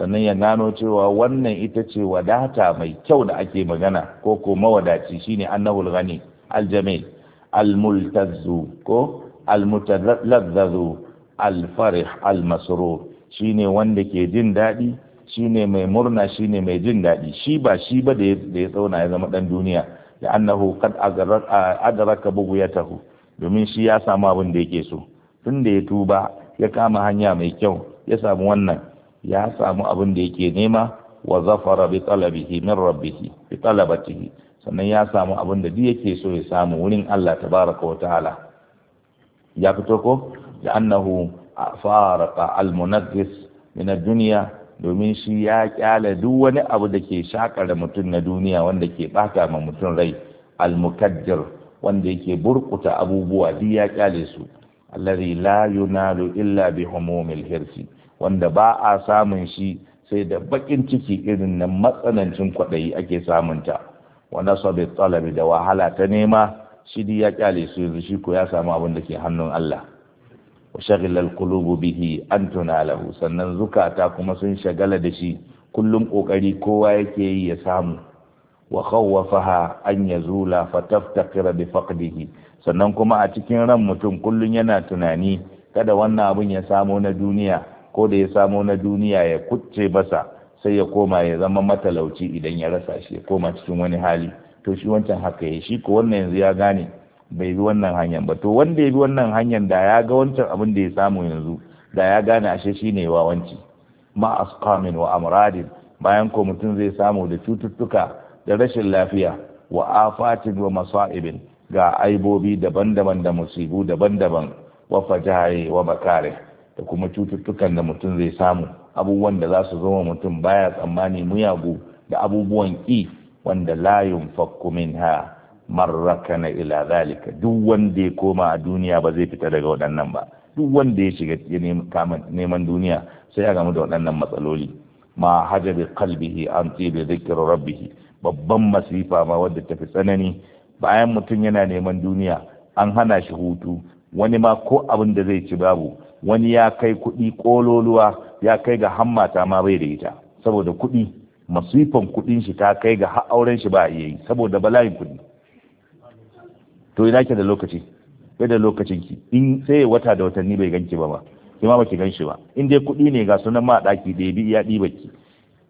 sannan ya gano cewa wannan ita ce wadata mai kyau da ake magana ko ko mawadaci shine annahul ghani aljamil almultazzu ko almutalazzazu alfarih almasrur shine wanda ke jin daɗi shine mai murna shine mai jin daɗi shi ba shi ba da ya tsauna ya zama ɗan duniya da annahu bugu ya bughyatahu domin shi ya samu abin da yake so tun da ya tuba ya kama hanya mai kyau ya samu wannan ya samu abin da yake nema wa zafara bi talabihi min rabbih bi talabatihi sannan ya samu abin da duk yake so ya samu wurin Allah tabaraka wa ta'ala ya fito ko da annahu farqa al munazzis min ad-dunya domin shi ya kyale duk wani abu da ke shakar mutum na duniya wanda ke baka ma mutum rai al mukaddir wanda yake burkuta abubuwa duk ya kyale su allazi la yunalu illa bi humumil hirsi wanda ba a samun shi sai da bakin ciki irin na matsanancin kwaɗayi ake samunta wanda sabi talabi da wahala ta nema shi ya kyale su yanzu shi ko ya samu abin da ke hannun Allah wa kulubu qulubu bihi an lahu sannan zukata kuma sun shagala da shi kullum kokari kowa yake yi ya samu wa khawwafaha an yazula fataftaqira bi faqdihi sannan kuma a cikin ran mutum kullum yana tunani kada wannan abin ya samu na duniya ko da ya samo na duniya ya kucce masa sai ya koma ya zama matalauci idan ya rasa shi ya koma cikin wani hali to shi wancan haka ya shi ko wannan yanzu ya gane bai bi wannan hanyar ba to wanda ya bi wannan hanyar da ya ga wancan abin da ya samu yanzu da ya gane ashe shi ne wawanci ma asqamin wa amradin bayan ko mutum zai samu da cututtuka da rashin lafiya wa afatin wa masa'ibin ga aibobi daban-daban da musibu daban-daban wa fajaye wa bakare da kuma cututtukan da mutum zai samu abubuwan da za su zama mutum baya tsammani muyagu da abubuwan ƙi wanda layun haya minha na ila zalika duk wanda ya koma a duniya ba zai fita daga waɗannan ba duk wanda ya shiga neman duniya sai ya gamu da waɗannan matsaloli ma haja bi qalbihi an tibi dhikr rabbi babban masifa ma wadda tafi tsanani bayan mutum yana neman duniya an hana shi hutu wani ma ko abin da zai ci babu wani ya kai kuɗi ƙololuwa ya kai ga hammata ma bai da ita saboda kuɗi masifan kuɗin shi ta kai ga har auren shi ba yayi saboda bala'in kuɗi to ina ke da lokaci bai da lokacin ki in sai wata da watanni bai ganki ba ba ki ma baki ganshi ba in dai kuɗi ne ga sunan ma ɗaki da bi ya ɗiba ki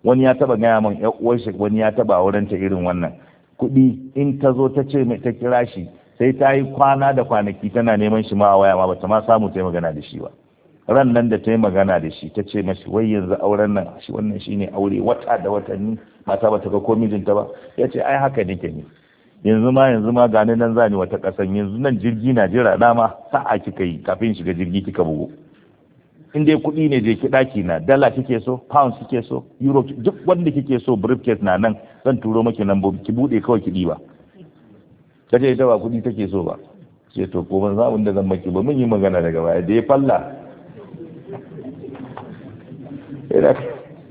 wani ya taba gaya min ƴan uwar shi wani ya taba auren ta irin wannan kuɗi in ta zo ta ce mai ta kira shi sai ta yi kwana da kwanaki tana neman shi ma a waya ma bata ma samu ta magana da shi ba ran nan da ta yi magana da shi ta ce mashi wai yanzu auren nan shi wannan ne aure wata da watanni mata bata ga ko mijinta ba ya ce ai haka nake ne yanzu ma yanzu ma gani nan zani wata kasan yanzu nan jirgi na jira dama sa'a kika yi kafin shiga jirgi kika bugu in dai kuɗi ne je ki na dala kike so pound kike so euro duk wanda kike so briefcase na nan zan turo maki nan ki buɗe kawai ki ba. ta ce ita ba ta take so ba ce to ko ban zamun da zan maki ba mun yi magana daga baya da ya falla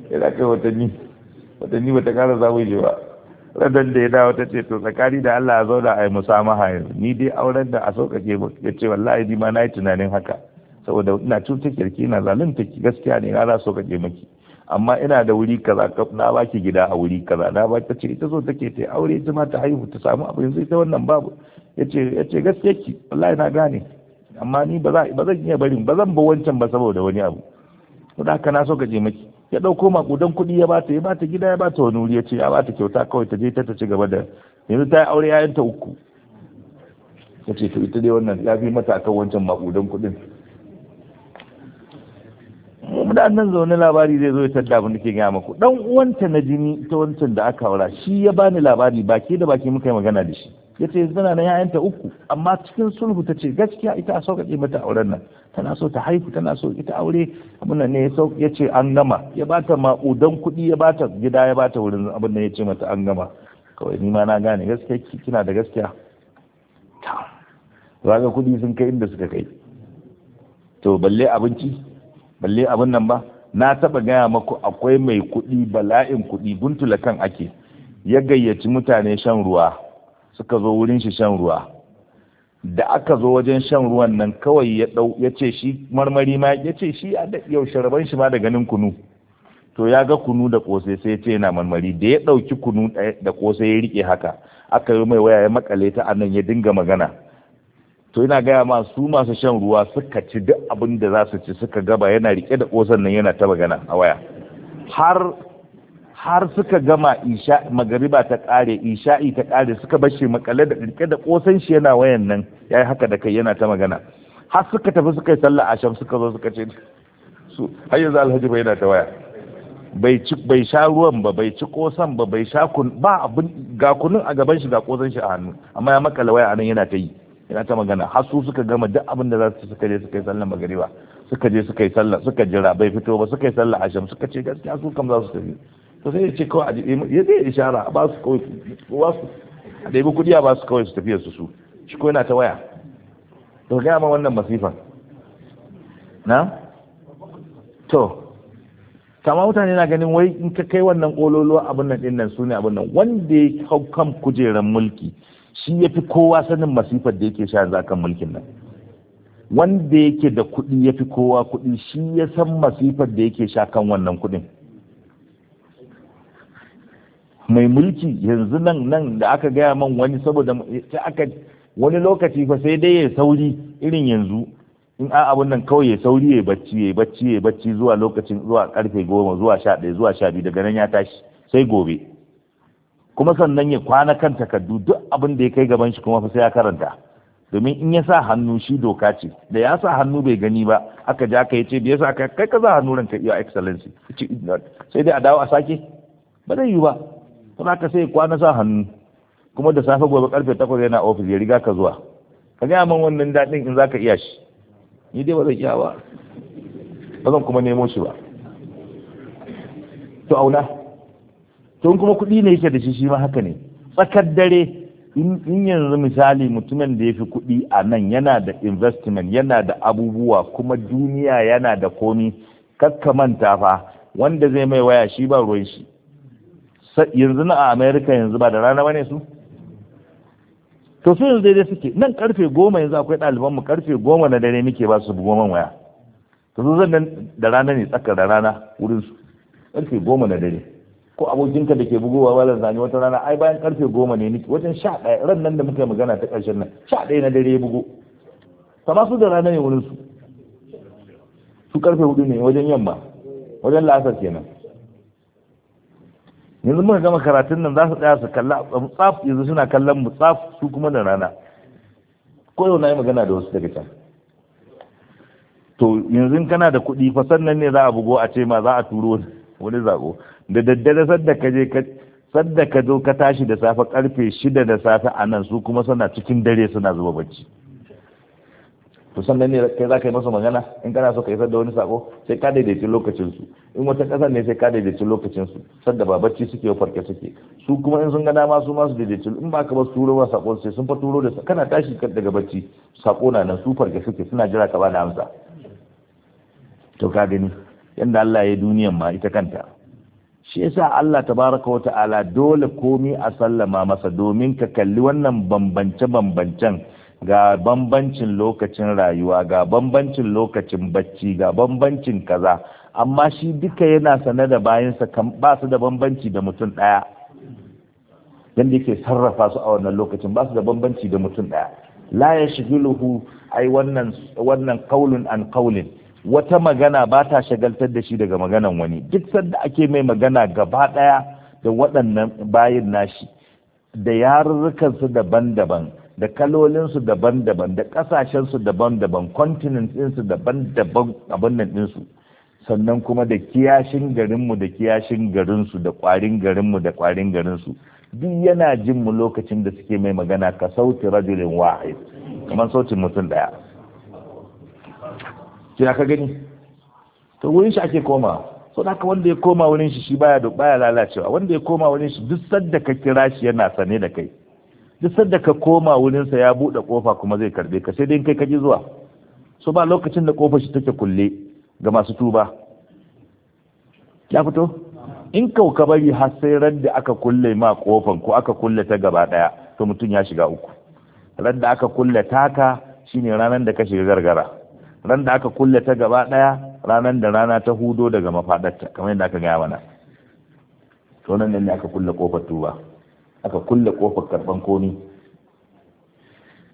yana kai watanni watanni ba ta kara zamun shi ba radar da ya dawo ta ce to tsakani da Allah ya zauna a yi musamaha yanzu ni dai auren da a sauƙaƙe ya ce wallahi ni ma na yi tunanin haka saboda ina cutar kirki ina zalunta gaskiya ne na za sauƙaƙe maki amma ina da wuri kaza na baki gida a wuri kaza na ba ta ce ita zo take ta aure ita ma ta haihu ta samu abu yanzu ta wannan babu yace yace gaskiya ki wallahi na gane amma ni ba za ba zan iya barin ba zan ba wancan ba saboda wani abu to da haka na so ka je miki ya dauko makudan kuɗi ya bata ya bata gida ya bata wani wuri yace ya bata kyauta kawai ta je ta ta ci gaba da yanzu ta yi aure yayin ta uku yace to ita dai wannan ya fi mata akan wancan makudan kuɗin da nan zaune labari zai zo ya tadda abin da ke gaya muku dan uwanta na jini ta wancan da aka aura shi ya bani labari baki da baki muka yi magana da shi yace yanzu tana na yayanta uku amma cikin sulhu ta ce gaskiya ita a sauƙaƙe mata auren nan tana so ta haihu tana so ita aure abin ne ya ce an gama ya bata udan kuɗi ya bata gida ya bata wurin abin da ya ce mata an gama kawai ni ma na gane gaskiya kina da gaskiya ta zaga kuɗi sun kai inda suka kai to balle abinci balle abin nan ba na taba gaya maku akwai mai kuɗi bala'in kuɗi buntula kan ake ya gayyaci mutane shan ruwa suka zo wurin shi shan ruwa da aka zo wajen shan ruwan nan kawai ya dau ya ce shi marmari ma ya ce shi a yau sharaban shi ma da ganin kunu to ya ga kunu da kosai sai ce yana marmari da ya dauki kunu da kosai ya rike haka aka yi mai waya ya makale ta anan ya dinga magana to ina gaya ma su masu shan ruwa suka ci duk abin da za su ci suka gaba yana rike da kosan nan yana ta magana a waya har har suka gama isha magariba ta kare isha'i ta kare suka bashi makale da rike da kosan shi yana wayan nan yayi haka da kai yana ta magana har suka tafi suka yi sallah asham suka zo suka ce su har yanzu alhaji bai yana ta waya bai ci bai sha ruwan ba bai ci kosan ba bai sha kun ba abin ga kunun a gaban shi ga kosan shi a hannu amma ya makale waya anan yana ta yi ina ta magana har su suka gama duk abin da za su suka je suka yi sallar magariba suka je suka yi sallar suka jira bai fito ba suka yi sallar asham suka ce gaskiya su kam za su tafi to sai ya ce kawai ya zai ishara ba su kawai ba su a ɗaibi kuɗi a ba su kawai su tafiya su su shi ko yana ta waya to gaya ma wannan masifan na to kama mutane na ganin wai in ka kai wannan ƙololuwa abin nan ɗin nan su ne abin nan wanda ya hau kan kujerar mulki shi ya fi kowa sanin masifar da yake sha yanzu kan mulkin nan wanda yake da kuɗi ya fi kowa kuɗi shi ya san masifar da yake sha kan wannan kuɗin mai mulki yanzu nan nan da aka gaya man wani saboda aka wani lokaci fa sai dai ya sauri irin yanzu in a abun nan kawai ya sauri ya bacci ya bacci ya bacci zuwa lokacin zuwa karfe goma zuwa sha ɗaya zuwa sha biyu daga nan ya tashi sai gobe kuma sannan ya kwana kan takardu duk abin da ya kai gaban shi kuma fa sai ya karanta domin in ya sa hannu shi doka ce da ya sa hannu bai gani ba aka ja ka yace bai ya sa kai ka za hannu ranka iya excellency sai dai a dawo a sake ba zai yi ba to ka sai kwana sa hannu kuma da safe gobe karfe 8 yana office ya riga ka zuwa ka ga man wannan dadin in zaka iya shi ni dai ba zan iya ba ba zan kuma nemo shi ba to auna to kuma kuɗi ne yake da shi shi ma haka ne tsakar dare in yanzu misali mutumin da ya fi kuɗi a nan yana da investment yana da abubuwa kuma duniya yana da komi manta fa wanda zai mai waya shi ba ruwan shi yanzu na a america yanzu ba da rana bane su to su yanzu daidai suke nan karfe goma yanzu akwai ɗaliban mu karfe goma na dare muke ba su goma waya to su zan da rana ne tsakar da rana wurin su karfe goma na dare ko abokinka da ke bugowa wala zani wata rana ai bayan karfe goma ne niki wajen sha ɗaya ran nan da muka magana ta ƙarshen nan sha ɗaya na dare ya bugo sama su da rana ne wurin su su karfe hudu ne wajen yamma wajen la'asar kenan yanzu muka gama karatun nan za su tsaya su kalla mutsaf yanzu suna kallon mutsaf su kuma da rana ko yau na yi magana da wasu daga can to yanzu kana da kuɗi fa sannan ne za a bugo a ce ma za a turo wani zako da daddare sadda ka je ka sadda ka zo ka tashi da safe karfe shida da safe a nan su kuma suna cikin dare suna zuba bacci to sannan ne kai za ka yi masa magana in kana so ka isar da wani sako sai ka daidaici lokacinsu in wata ƙasar ne sai ka daidaici lokacinsu sadda ba bacci suke farke suke su kuma in sun gana masu su ma daidaici in ba ka ba su turo ba sako sai sun fa turo da kana tashi daga bacci sako na nan su farke suke suna jira ka ba da amsa to ka gani yadda Allah ya duniyan ma ita kanta shi yasa Allah tabaraka wa ta'ala dole komi a sallama masa domin ka kalli wannan bambance bambancen ga bambancin lokacin rayuwa ga bambancin lokacin bacci ga bambancin kaza amma shi duka yana sane da bayansa ba su da bambanci da mutum ɗaya yadda yake sarrafa su a wannan lokacin ba su da bambanci da mutum ɗaya la ya shigiluhu ai wannan wannan qaulun an kaulin wata magana ba ta shagaltar da shi daga maganan wani duk sanda ake mai magana gaba ɗaya da waɗannan bayin nashi da yarurrukansu daban-daban da kalolinsu daban-daban da ƙasashensu daban-daban continent ɗinsu daban-daban abin nan ɗinsu sannan kuma da kiyashin garinmu da kiyashin garinsu da ƙwarin garinmu da ƙwarin garinsu duk yana jin mu lokacin da suke mai magana ka sauti rajulin wahid kamar sautin mutum ɗaya to ya ka gani to wurin shi ake koma so da wanda ya koma wurin shi shi baya da baya lalacewa wanda ya koma wurin shi duk sadda ka kira shi yana sane da kai duk sadda ka koma wurin sa ya bude kofa kuma zai karbe ka sai dai kai ka ji zuwa so ba lokacin da kofar shi take kulle ga masu tuba ya fito in kau bari har sai ran da aka kulle ma kofan ko aka kulle ta gaba daya to mutum ya shiga uku ran da aka kulle taka shine ranar da ka shiga gargara ran da aka kulle ta gaba daya ranan da rana ta hudo daga mafadarta kamar yadda aka gaya mana to nan ne aka kulle kofar tuba aka kulle kofar karban komi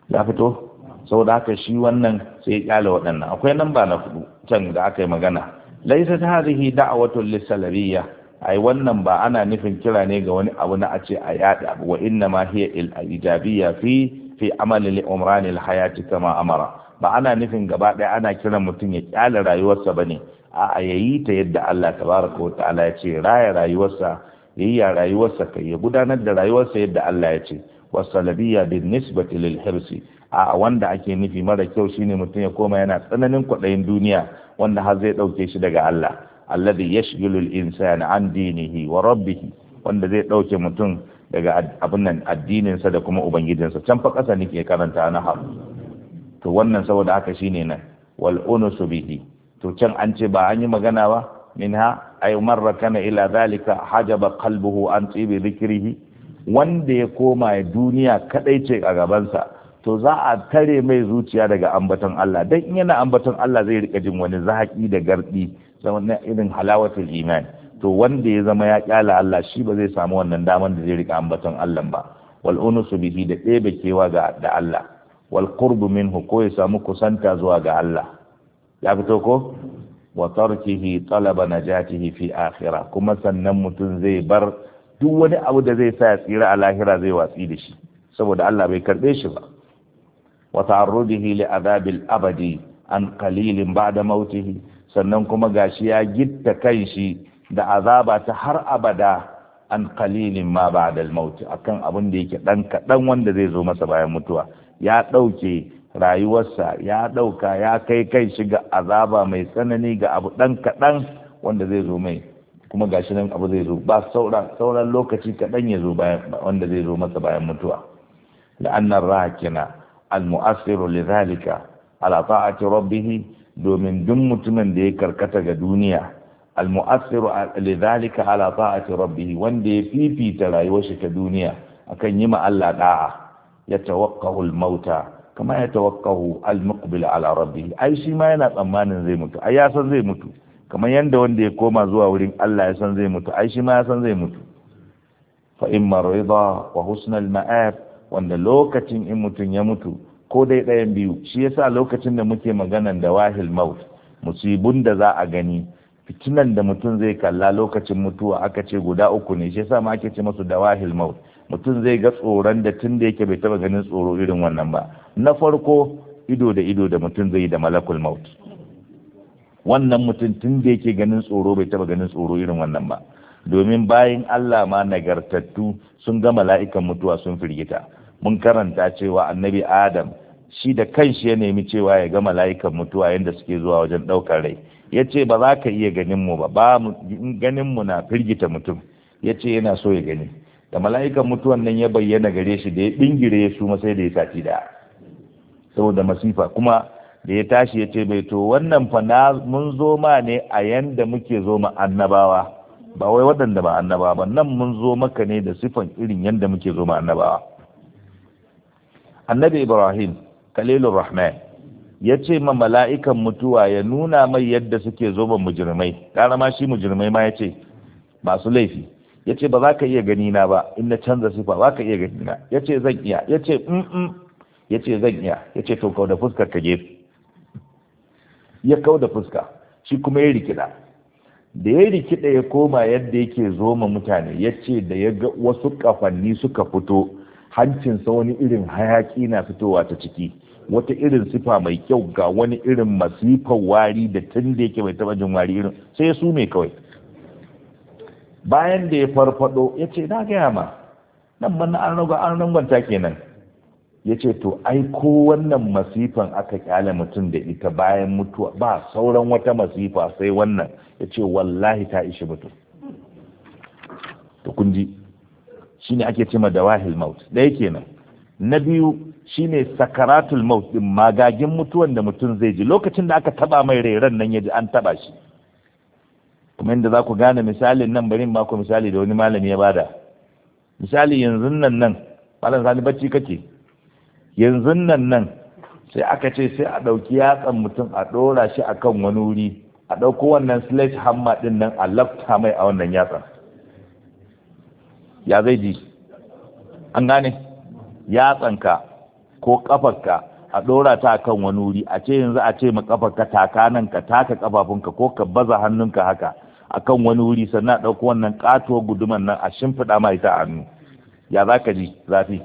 ya fito saboda haka shi wannan sai ya kyale waɗannan akwai nan ba na hudu can da aka yi magana laisa ta harihi da'awatul lisalabiyya ai wannan ba ana nufin kira ne ga wani abu na a ce a yada wa inna ma hiya al fi fi amali li umrani al hayati kama amara ba ana nufin gaba ɗaya ana kiran mutum ya kyale rayuwarsa ba ne a ya yi ta yadda Allah tabaraka wa ta'ala ya ce raya rayuwarsa ya yi rayuwarsa kai ya gudanar da rayuwarsa yadda Allah ya ce wasalabiya bin nisbati lil hirsi a wanda ake nufi mara kyau shine mutum ya koma yana tsananin kwaɗayin duniya wanda har zai ɗauke shi daga Allah alladhi yashghilu al insana an dinihi wa rabbih wanda zai ɗauke mutum daga abin nan addininsa da kuma ubangijinsa can fa ƙasa nake karanta na hamu to wannan saboda haka shine nan wal unusu bihi to can an ce ba an yi magana ba minha ay marra kana ila zalika hajaba qalbuhu an tibi dhikrihi wanda ya koma duniya kadai ce a gabansa to za a tare mai zuciya daga ambaton Allah dan in yana ambaton Allah zai rika jin wani zaki da gardi saboda irin halawatul iman to wanda ya zama ya kyala Allah shi ba zai samu wannan daman da zai rika ambaton Allah ba wal unusu bihi da ɗebe kewa ga da Allah wal min minhu ko ya samu kusanta zuwa ga Allah ya fito ko wa tarkihi talaba najatihi fi akhirah kuma sannan mutum zai bar duk wani abu da zai sa ya tsira a lahira zai watsi da shi saboda Allah bai karbe shi ba wa ta'arrudihi li azabil abadi an qalilin ba'da mautihi sannan kuma gashi ya gitta kanshi da azaba ta har abada an qalilin ma ba'da al-maut akan abin da yake dan kadan wanda zai zo masa bayan mutuwa ya ɗauke rayuwarsa ya ɗauka ya kai kai shi ga azaba mai tsanani ga abu ɗan kaɗan wanda zai zo mai kuma gashi nan abu zai zo ba sauran lokaci kaɗan ya zo wanda zai zo masa bayan mutuwa la'annan rakina al mu'asiru li zalika ala ta'ati rabbihi domin duk mutumin da ya karkata ga duniya al mu'asiru li zalika ala ta'ati rabbihi wanda ya fifita rayuwar shi ta duniya akan yi ma Allah da'a yatawaqahu al-mauta kama yatawaqahu al-muqbil ala rabbih ai shi ma yana tsammanin zai mutu ai ya san zai mutu kamar yanda wanda ya koma zuwa wurin Allah ya san zai mutu ai shi ma ya san zai mutu fa in marida wa husna al-ma'ab wanda lokacin in mutun ya mutu ko dai ɗayan biyu shi yasa lokacin da muke maganan da wahil maut musibun da za a gani fitinan da mutum zai kalla lokacin mutuwa aka ce guda uku ne shi yasa ma ake ce masu da wahil maut mutum zai ga tsoron da tun da yake bai taba ganin tsoro irin wannan ba na farko ido da ido da mutum zai yi da malakul maut wannan mutum tun da yake ganin tsoro bai taba ganin tsoro irin wannan ba domin bayan Allah ma nagartattu sun ga mala'ikan mutuwa sun firgita mun karanta cewa annabi Adam shi da kanshi ya nemi cewa ya ga mala'ikan mutuwa yadda suke zuwa wajen ɗaukar rai ya ce ba za ka iya ganin mu ba ba ganin mu na firgita mutum ya ce yana so ya gani da mala'ikan mutuwan nan ya bayyana gare shi da ya dingire su suma sai da ya sati da saboda masifa kuma da ya tashi ya ce bai to wannan fa na mun zo ma ne a yanda muke zo ma annabawa ba wai waɗanda ba annabawa ba nan mun zo maka ne da sifan irin yanda muke zo ma annabawa annabi ibrahim kalilur rahman ya ce ma mala'ikan mutuwa ya nuna mai yadda suke zo ma mujirmai Ƙarama shi mujirmai ma ya ce masu laifi ya ce ba za ka iya gani na ba in na canza sifa ba ka iya gani ya ce zan iya ya ce mm, mm. ya ce zan iya ya ce to kau da fuskar ka gefe ya kau da fuska shi kuma ya rikida da ya rikida ya koma yadda yake zoma mutane ya ce da ya ga wasu kafanni suka fito hancinsa wani irin hayaki na fitowa ta ciki wata irin sifa mai kyau ga wani irin masifar wari da tun da yake bai taba jin wari irin sai su mai kawai bayan da ya farfado ya ce na gaya ma nan mana an rago an rangwanta kenan ya ce to ai ko wannan masifan aka kyale mutum da ita bayan mutuwa ba sauran wata masifa sai wannan ya ce wallahi ta ishi mutum to kun ji shine ake cima da dawahil maut ɗaya kenan na biyu shine sakaratul maut din magagin mutuwan da mutum zai ji lokacin da aka taba mai rai ran nan ya ji an taba shi kuma inda za ku gane misalin nan bari ma ku misali da wani malami ya bada misali yanzu nan nan malam sani bacci kake yanzu nan nan sai aka ce sai a ɗauki yatsan mutum a ɗora shi akan wani wuri a ɗauko wannan slash hammer ɗin nan a lafta mai a wannan yatsan ya zai ji an gane yatsanka ko ƙafarka a ɗora ta kan wani wuri a ce yanzu a ce ma ƙafarka taka nan ka taka ƙafafunka ko ka baza hannunka haka akan wani wuri sannan a ɗauko wannan ƙatuwar guduman nan a shimfiɗa ma ita a hannu ya za ka ji zafi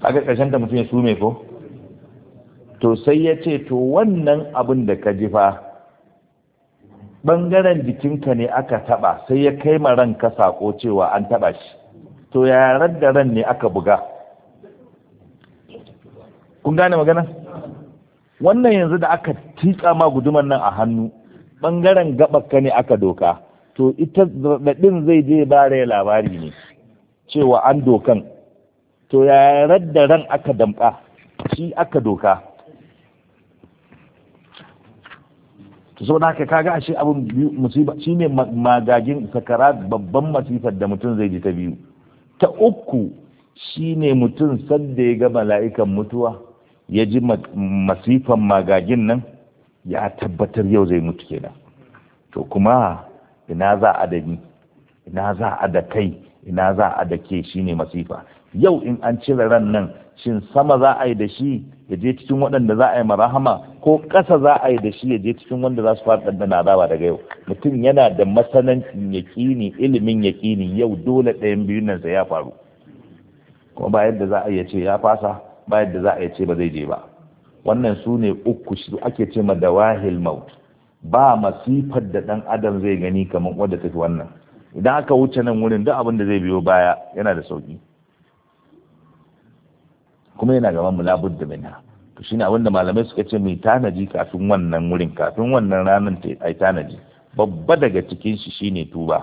haka ƙarshen ta mutum ya sume ko to sai ya ce to wannan abin da ka ji fa ɓangaren jikinka ne aka taɓa sai ya kai ma ranka saƙo cewa an taɓa shi to yaran da ran ne aka buga kun gane magana wannan yanzu da aka tiƙa ma guduman nan a hannu ɓangaren gaɓaka ne aka doka to ita zaɗaɗin zai je ba ya labari ne cewa an dokan to ya da ran aka damƙa shi aka doka to saboda ka kaga shi abin musiba ne magagin sakara babban masifar da mutum zai ji ta biyu ta uku shi ne mutum sanda ya ga mala'ikan mutuwa ya ji masifan magagin nan ya tabbatar yau zai mutu kenan to kuma ina za a da ni ina za a da kai ina za a da ke shine masifa yau in an cire ran nan shin sama za a yi da shi ya je cikin waɗanda za a yi marahama ko ƙasa za a yi da shi ya je cikin wanda za su fara ɗanɗana azaba daga yau mutum yana da masanancin yaƙini ilimin yaƙini yau dole ɗayan biyun nan sai ya faru kuma ba yadda za a iya ce ya fasa ba yadda za a iya ce ba zai je ba wannan su ne uku su ake ce ma dawahil maut ba masifar da dan adam zai gani kamar wadda tafi wannan idan aka wuce nan wurin duk abin da zai biyo baya yana da sauki kuma yana gaban mu labud da minha to shine abin da malamai suka ce mai tanaji kafin wannan wurin kafin wannan ranar ta ai tanaji babba daga cikin shi shine tuba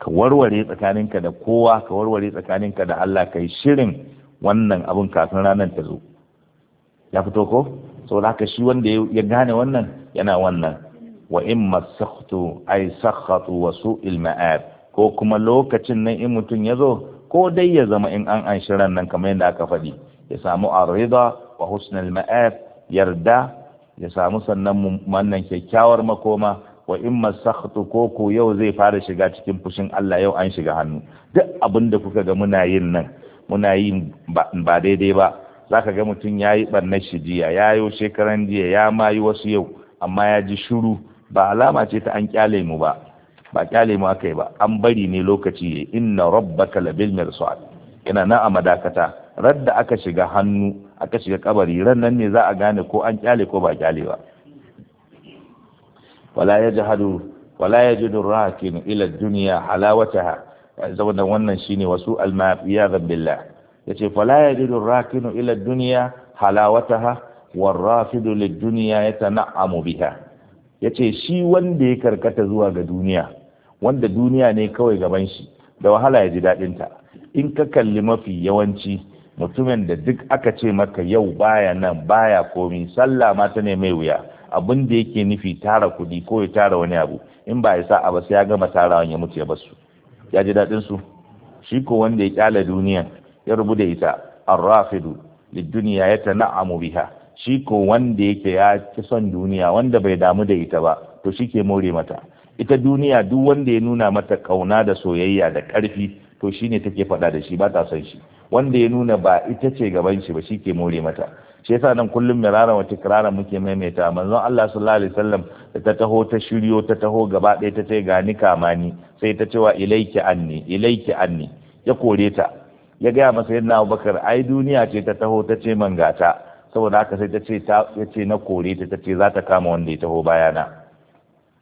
ka warware tsakaninka da kowa ka warware tsakaninka da Allah kai shirin wannan abin kafin ranar ta zo ya fito ko saboda haka shi wanda ya gane wannan yana wannan wa in masakhtu ay sakhatu wa su'il ma'ab ko kuma lokacin nan in mutum ya zo ko dai ya zama in an an shiran nan kamar yadda aka faɗi ya samu arida wa husnul ma'ab yarda ya samu sannan wannan kyakkyawar makoma wa in masakhtu ko ko yau zai fara shiga cikin fushin Allah yau an shiga hannu duk abin da kuka ga muna yin nan muna yin ba daidai ba za ka ga mutum ya yi ɓarnar shi jiya ya yi shekaran jiya ya ma yi wasu yau amma ya ji shuru ba alama ce ta an kyale mu ba ba kyale mu aka yi ba an bari ne lokaci ya inna rabbaka labil mirsad Ina na a madakata radda aka shiga hannu aka shiga kabari ran nan ne za a gane ko an kyale ko ba kyale ba wala yajhadu wala yajidu rakin ila dunya halawataha wannan shine wasu almafiya billah yace fala yajidu rakinu ila dunya halawataha war rafidu lid dunya yatana'amu biha yace shi wanda ya karkata zuwa ga duniya wanda duniya ne kawai gaban shi da wahala ya ji dadin ta in ka kalli mafi yawanci mutumin da duk aka ce maka yau baya nan baya komi sallah ma ta ne mai wuya abin da yake nufi tara kuɗi ko ya tara wani abu in ba ya sa a sai ya gama tarawan ya mutu ya basu ya ji daɗin su shi ko wanda ya kyala duniyan ya rubu da ita arrafidu lidduniya ya tana'amu biha shi ko wanda yake ya ci son duniya wanda bai damu da ita ba to shi ke more mata ita duniya duk wanda ya nuna mata kauna da soyayya da karfi to shine take faɗa da shi ba ta son shi wanda ya nuna ba ita ce gaban shi ba shi ke more mata shi yasa nan kullum mirara wa tikrara muke maimaita manzon Allah sallallahu alaihi wasallam da ta taho ta shiryo ta taho gaba ɗaya ta ce ga ni kama sai ta cewa ilaiki anni ilaiki anni ya kore ta ya gaya masa yadda abubakar ai duniya ce ta taho ta ce man gata saboda haka sai ta ce na kore ta ta ce za ta kama wanda ya taho bayana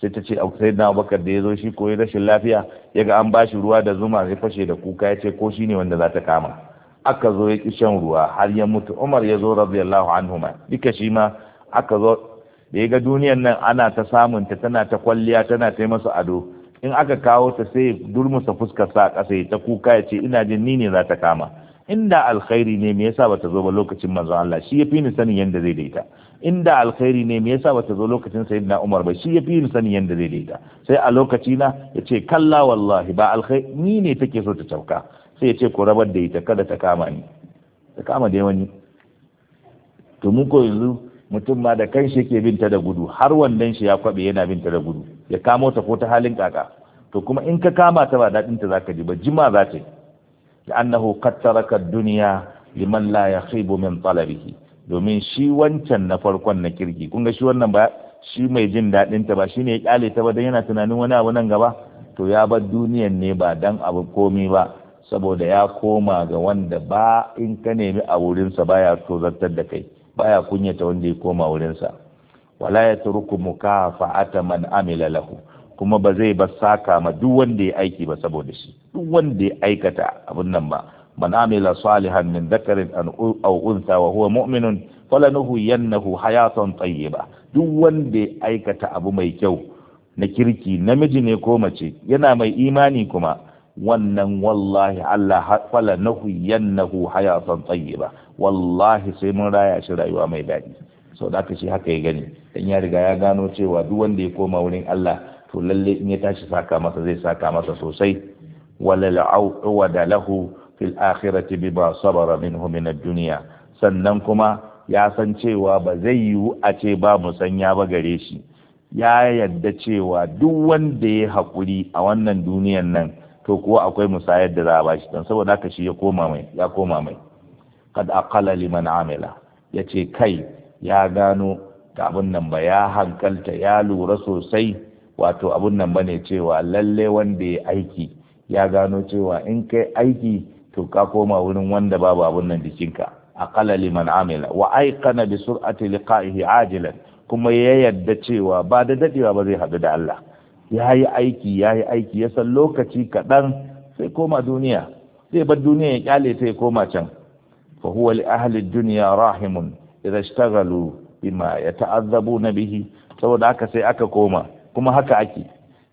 sai ta ce sai na abubakar da ya zo shi koyi rashin lafiya ya ga an bashi ruwa da zuma ya fashe da kuka ya ce ko shi ne wanda za ta kama aka zo ya ƙi ruwa har ya mutu umar ya zo radiyallahu ma duka shi ma aka zo da ya ga duniyan nan ana ta samunta tana ta kwalliya tana ta masu ado in aka kawo ta sai durmusa fuskar sa a ƙasa ta kuka ya ce ina jin ni ne za ta kama inda alkhairi ne me yasa bata zo ba lokacin manzon Allah shi yafi ni sanin yanda zai daita inda alkhairi ne me yasa bata zo lokacin sayyidina Umar ba shi yafi ni sanin yanda zai daita sai a lokaci na yace kalla wallahi ba alkhairi ni ne take so ta tauka sai yace ko rabar da ita kada ta kama ni ta kama dai wani to mun ko yanzu mutum ma da kanshi yake binta da gudu har wannan shi ya kwabe yana binta da gudu ya kamo ta ko ta halin kaka to kuma in ka kama ta ba daɗin ta zaka ji ba jima za ta yi annahu qad taraka dunya liman la yakhibu min talabihi domin shi wancan na farkon na kirki kun ga shi wannan ba shi mai jin daɗinta ta ba shine ya kyale ta ba dan yana tunanin wani abu nan gaba to ya bar duniyan ne ba dan abu komi ba saboda ya koma ga wanda ba in ka nemi a wurinsa baya tozartar da kai baya kunyata wanda ya koma wurinsa wala ya turku mukafa'ata man amila lahu kuma ba zai ba saka ma duk wanda ya aiki ba saboda shi duk wanda ya aikata abin nan ba man amila salihan min dhakarin aw untha wa huwa mu'minun falanuhyiyannahu hayatan tayyiba duk wanda ya aikata abu mai kyau na kirki namiji ne ko mace yana mai imani kuma wannan wallahi Allah falanuhyiyannahu hayatan ba. wallahi sai mun raya shi rayuwa mai daɗi sau da shi haka ya gani dan ya riga ya gano cewa duk wanda ya koma wurin Allah to lalle in ya tashi saka masa zai saka masa sosai walal awda lahu fil akhirati ba sabara minhu min ad-dunya sannan kuma ya san cewa ba zai yi a ce ba sanya ba gare shi ya yadda cewa duk wanda ya hakuri a wannan duniyan nan to kuwa akwai musayar da za a bashi don saboda haka shi ya koma mai ya koma mai kad aqala liman amila yace kai ya gano da abun nan ba ya hankalta ya lura sosai wato abun nan ne cewa lalle wanda ya aiki ya gano cewa in kai aiki to ka koma wurin wanda babu abin nan jikinka aqala liman amila wa aiqana bi sur'ati liqa'ihi ajilan kuma ya yadda cewa ba da dadewa ba zai hadu da Allah ya yi aiki ya yi aiki ya san lokaci kaɗan sai koma duniya zai bar duniya ya kyale ta ya koma can fa huwa li ahli dunya rahimun idza ishtaghalu bima ya ta'azzabu na bihi saboda haka sai aka koma kuma haka ake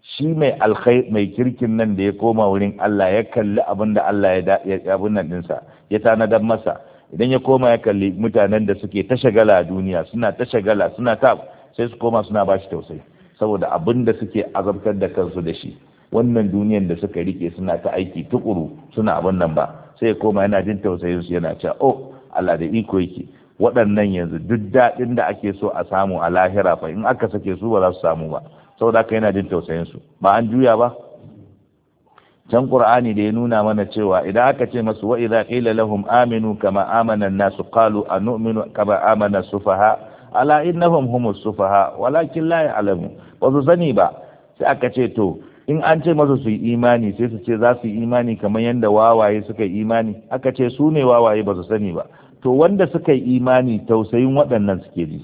shi mai alkhai mai kirkin nan da ya koma wurin Allah ya kalli abin da Allah ya abin nan dinsa ya tanadar masa idan ya koma ya kalli mutanen da suke ta shagala a duniya suna ta shagala suna ta sai su koma suna bashi tausayi saboda abin da suke azabtar da kansu da shi wannan duniyan da suka rike suna ta aiki tukuru suna abin nan ba sai ya koma yana jin tausayin su yana cewa oh Allah da iko yake waɗannan yanzu duk daɗin da ake so a samu a lahira fa in aka sake su ba za su samu ba saboda haka yana jin tausayin su ba an juya ba can qur'ani da ya nuna mana cewa idan aka ce masu wa idza qila lahum aminu kama amana nasu qalu anu'minu kama amana sufaha ala innahum humus sufaha walakin la ya'lamu ba su sani ba sai aka ce to in an ce masa su imani sai su ce za su imani kamar yadda wawaye suka yi imani aka ce su ne wawaye ba su sani ba to wanda suka yi imani tausayin waɗannan suke ji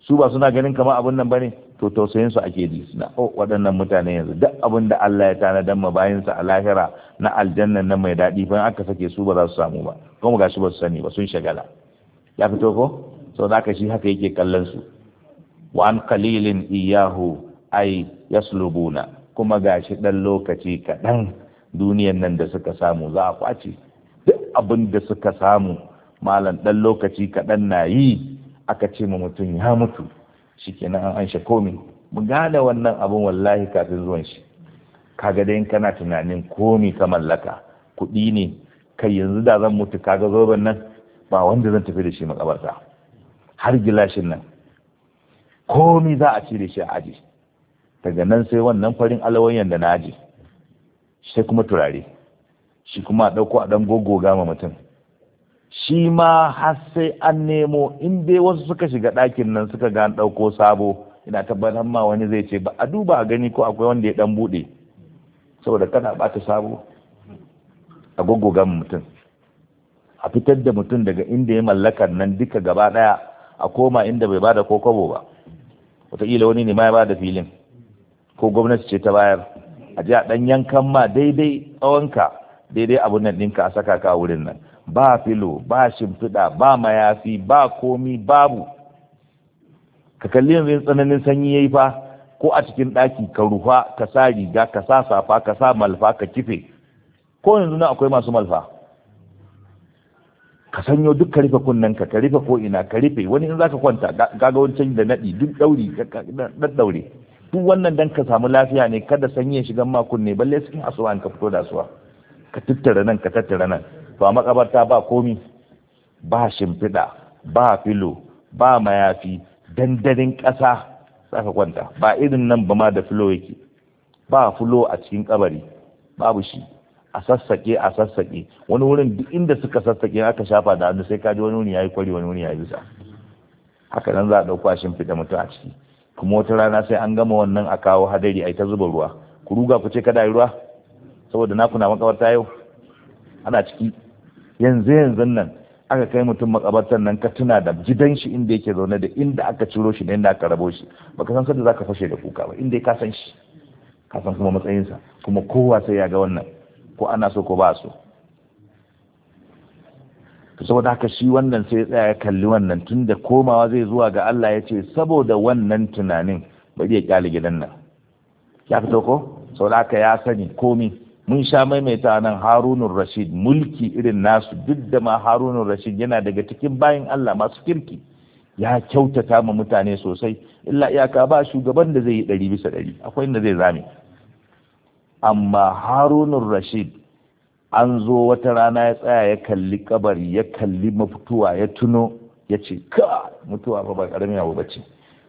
su ba suna ganin kama abin nan bane to tausayin su ake ji na waɗannan mutane yanzu duk abin da Allah ya tanada ma bayin sa a lahira na aljanna nan mai daɗi fa aka sake su ba za su samu ba kuma gashi ba su sani ba sun shagala ya fito ko sau da shi haka yake kallon su wa an qalilin iyahu ay yaslubuna kuma gashi dan lokaci kaɗan duniyan nan da suka samu za a kwace duk abin da suka samu malam ɗan lokaci kaɗan na yi aka ce ma mutum ya mutu shi kenan an anshe komi mu gane wannan abun wallahi kafin zuwan shi kaga dai kana tunanin komi ka mallaka kuɗi ne kai yanzu da zan mutu kaga zoben nan ba wanda zan tafi da shi makabarta har gilashin nan Komai za a cire shi a aji daga nan sai wannan farin alawayan da na aji sai kuma turare shi kuma a ɗauko a ɗan gogoga ma mutum shi ma har sai an nemo in dai wasu suka shiga ɗakin nan suka ga an ɗauko sabo ina tabbatar ma wani zai ce ba a duba a gani ko akwai wanda ya ɗan buɗe saboda kana ɓata sabo a goggogan mutum a fitar da mutum daga inda ya mallakar nan duka gaba ɗaya a koma inda bai bada kokobo ba wataƙila wani ne ma ya bada filin ko gwamnati ce ta bayar a ji a ɗan yankan ma daidai tsawonka daidai abun nan ɗinka a saka ka wurin nan ba filo ba shimfiɗa ba mayafi ba komi babu ka kalli yanzu tsananin sanyi yayi fa ko a cikin ɗaki ka rufa ka sa riga ka sa safa ka sa malfa ka kife ko yanzu na akwai masu malfa ka sanyo duk ka rufe kunnen ka ka rufe ko ka rufe wani in zaka kwanta kaga wancan da naɗi, duk dauri da daure duk wannan dan ka samu lafiya ne kada sanyi ya shiga ma kunne balle sun asuwa ka fito da asuwa ka tattara nan ka tattara nan ba a makabarta ba komi ba shimfiɗa ba filo ba mayafi dandarin ƙasa saka kwanta ba irin nan ba ma da filo yake ba filo a cikin kabari babu shi a sassaƙe a sassaƙe wani wurin duk inda suka sassaƙe aka shafa da hannu sai kaji wani wuni yayi kwari wani wuni yayi bisa haka nan za a ɗauko shimfiɗa mutum a ciki kuma wata rana sai an gama wannan a kawo hadari a yi ta zuba ruwa ku ruga ku ce kada yi ruwa saboda na kuna makawarta yau ana ciki yanzu yanzu nan aka kai mutum makabartar nan ka tuna da gidan shi inda yake zaune da inda aka ciro shi da inda aka rabo shi baka san sanda zaka fashe da kuka ba inda ka san shi ka san kuma matsayinsa kuma kowa sai ya ga wannan ko ana so ko ba so saboda haka shi wannan sai ya tsaya ya kalli wannan tunda komawa zai zuwa ga Allah ya ce saboda wannan tunanin bari ya kyale gidan nan ya fito ko saboda haka ya sani komi mun sha maimaita nan harunun rashid mulki irin nasu duk da ma harunun rashid yana daga cikin bayan allah masu kirki ya kyautata ma mutane sosai illa iyaka ba shugaban da zai yi ɗari bisa ɗari akwai inda zai zame amma harunun rashid an zo wata rana ya tsaya ya kalli kabari ya kalli mafituwa ya tuno ya ce ka mutuwa fa ba ƙaramin abu bace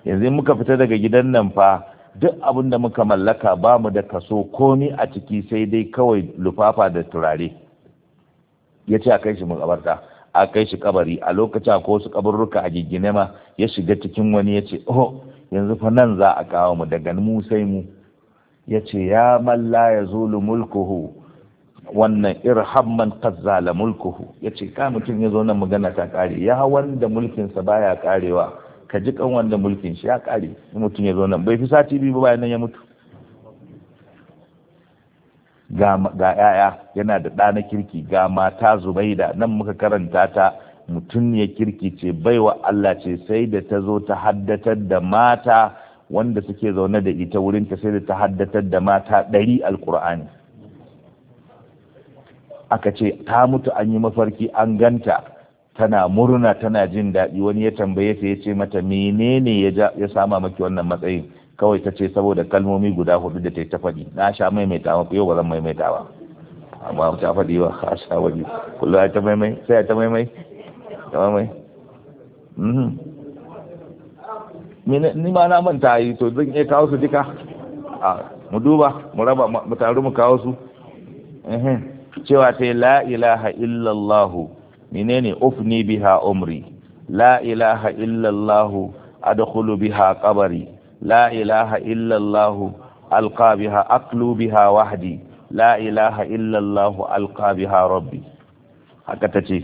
yanzu muka fita daga gidan nan fa duk abin da muka mallaka ba mu da kaso komi a ciki sai dai kawai lufafa da turare ya ce a kai shi makabarta a kai shi kabari a lokacin ko su kabarruka a gigine ma ya shiga cikin wani ya ce oh yanzu fa nan za a kawo mu daga mu sai mu ya ce ya malla ya zulu mulkuhu wannan man qazzala mulkuhu ya ce ka mutum ya zo nan magana ta kare ya wanda mulkinsa baya karewa ka ji kan wannan mulkin shi ya kare mutum ya zo nan bai fi sati biyu ba bayan nan ya mutu ga yaya yana da ɗa na kirki ga mata zubaida nan muka karanta ta mutum ya kirki ce baiwa Allah ce sai da ta zo ta haddatar da mata wanda suke zaune da ita wurinta sai da ta haddatar da mata ɗari alkur'ani aka ce ta mutu an yi mafarki an ganta tana murna tana jin daɗi wani ya tambaye ta ce mata menene ya ya sama maki wannan matsayin kawai ta ce saboda kalmomi guda hudu da ta ta faɗi na sha maimaita ba yau ba zan maimaita ba amma ta faɗi ba ka sha wani kullum ta maimai sai ta maimai ta maimai mhm. ni ma na manta yi to zan iya kawo su duka a mu duba mu raba mu taru mu kawo su cewa ta la ilaha illallahu menene ufni biha umri la ilaha illallahu adkhulu biha qabri la ilaha illallah alqa biha aqlu biha wahdi la ilaha illallahu alqa biha rabbi haka tace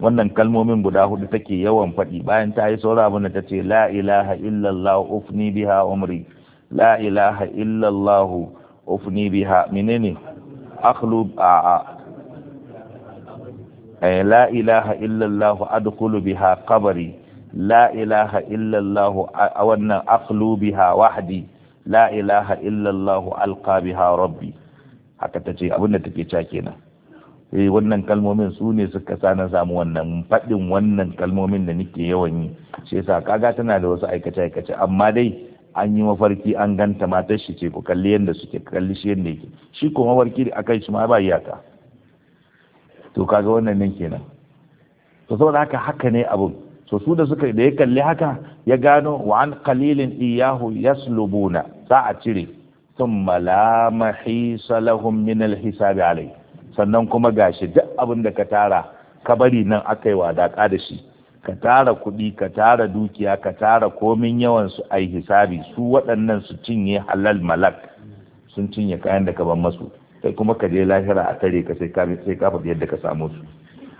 wannan kalmomin guda hudu take yawan faɗi bayan ta yi saura abin da tace la ilaha illallah ufni biha umri la ilaha illallah ufni biha menene akhlu a la ilaha illallah adkhulu biha kabari. la illallah wannan aqlu biha wahdi la illallah alqa biha rabbi haka tace take cewa kenan eh wannan kalmomin su ne suka sa na samu wannan faɗin wannan kalmomin da nake yawan yi shi yasa kaga tana da wasu aikace aikace amma dai an yi mafarki an ganta matar shi ce ku kalli yadda suke kalli shi yadda yake shi ko mafarki akan shi ma ba iyaka to kaga wannan nan kenan to saboda haka haka ne abun so su da suka da ya kalli haka ya gano wa an qalilin iyahu yaslubuna za a cire thumma la mahisa lahum min alai sannan kuma gashi duk abin da ka tara ka bari nan aka yi wadaka da shi ka tara kuɗi ka tara dukiya ka tara komin yawan su ai hisabi su waɗannan su cinye halal malak sun cinye kayan da ka bar masu kai kuma ka je lahira a tare ka sai ka sai yadda ka samu su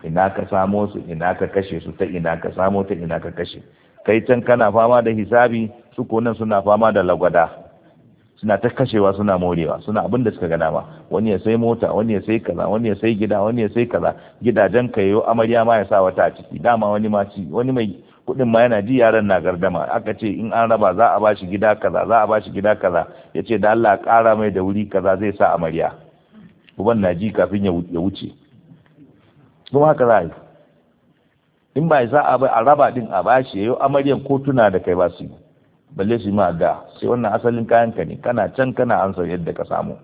ina ka samu su ina ka kashe su ta ina ka samu ta ina ka kashe kai can kana fama da hisabi su ko nan suna fama da lagwada suna ta kashewa suna morewa suna abin da suka gana ma wani ya sai mota wani ya sai kaza wani ya sai gida wani ya sai kaza gidajen ka yayo amarya ma ya sa wata a ciki dama wani ma ci wani mai kudin ma yana ji yaran na gardama aka ce in an raba za a bashi gida kaza za a bashi gida kaza ya ce da Allah ƙara mai da wuri kaza zai sa amarya uban na ji kafin ya wuce don haka za yi in ba za a bai a raba din a bashi yau amaryan kotuna da kai ba su yi balle su yi ma sai wannan asalin kayan ka ne kana can kana ansa yadda ka samu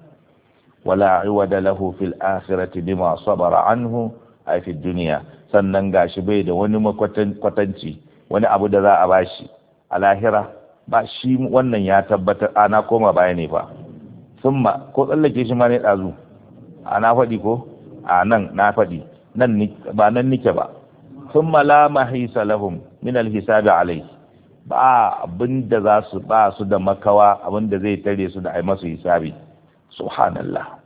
wala da lahu fil akhirati bima sabara anhu a fi duniya sannan gashi bai da wani makwatanci wani abu da za a bashi a lahira ba shi wannan ya tabbatar ana koma baya ne fa ma ko tsallake shi ma ne ɗazu. a na faɗi ko a nan na faɗi nan ba nan nike ba sun mala mahisa lahum min alhisabi alai ba abin da za su ba su da makawa abin da zai tare su da ai masu hisabi subhanallah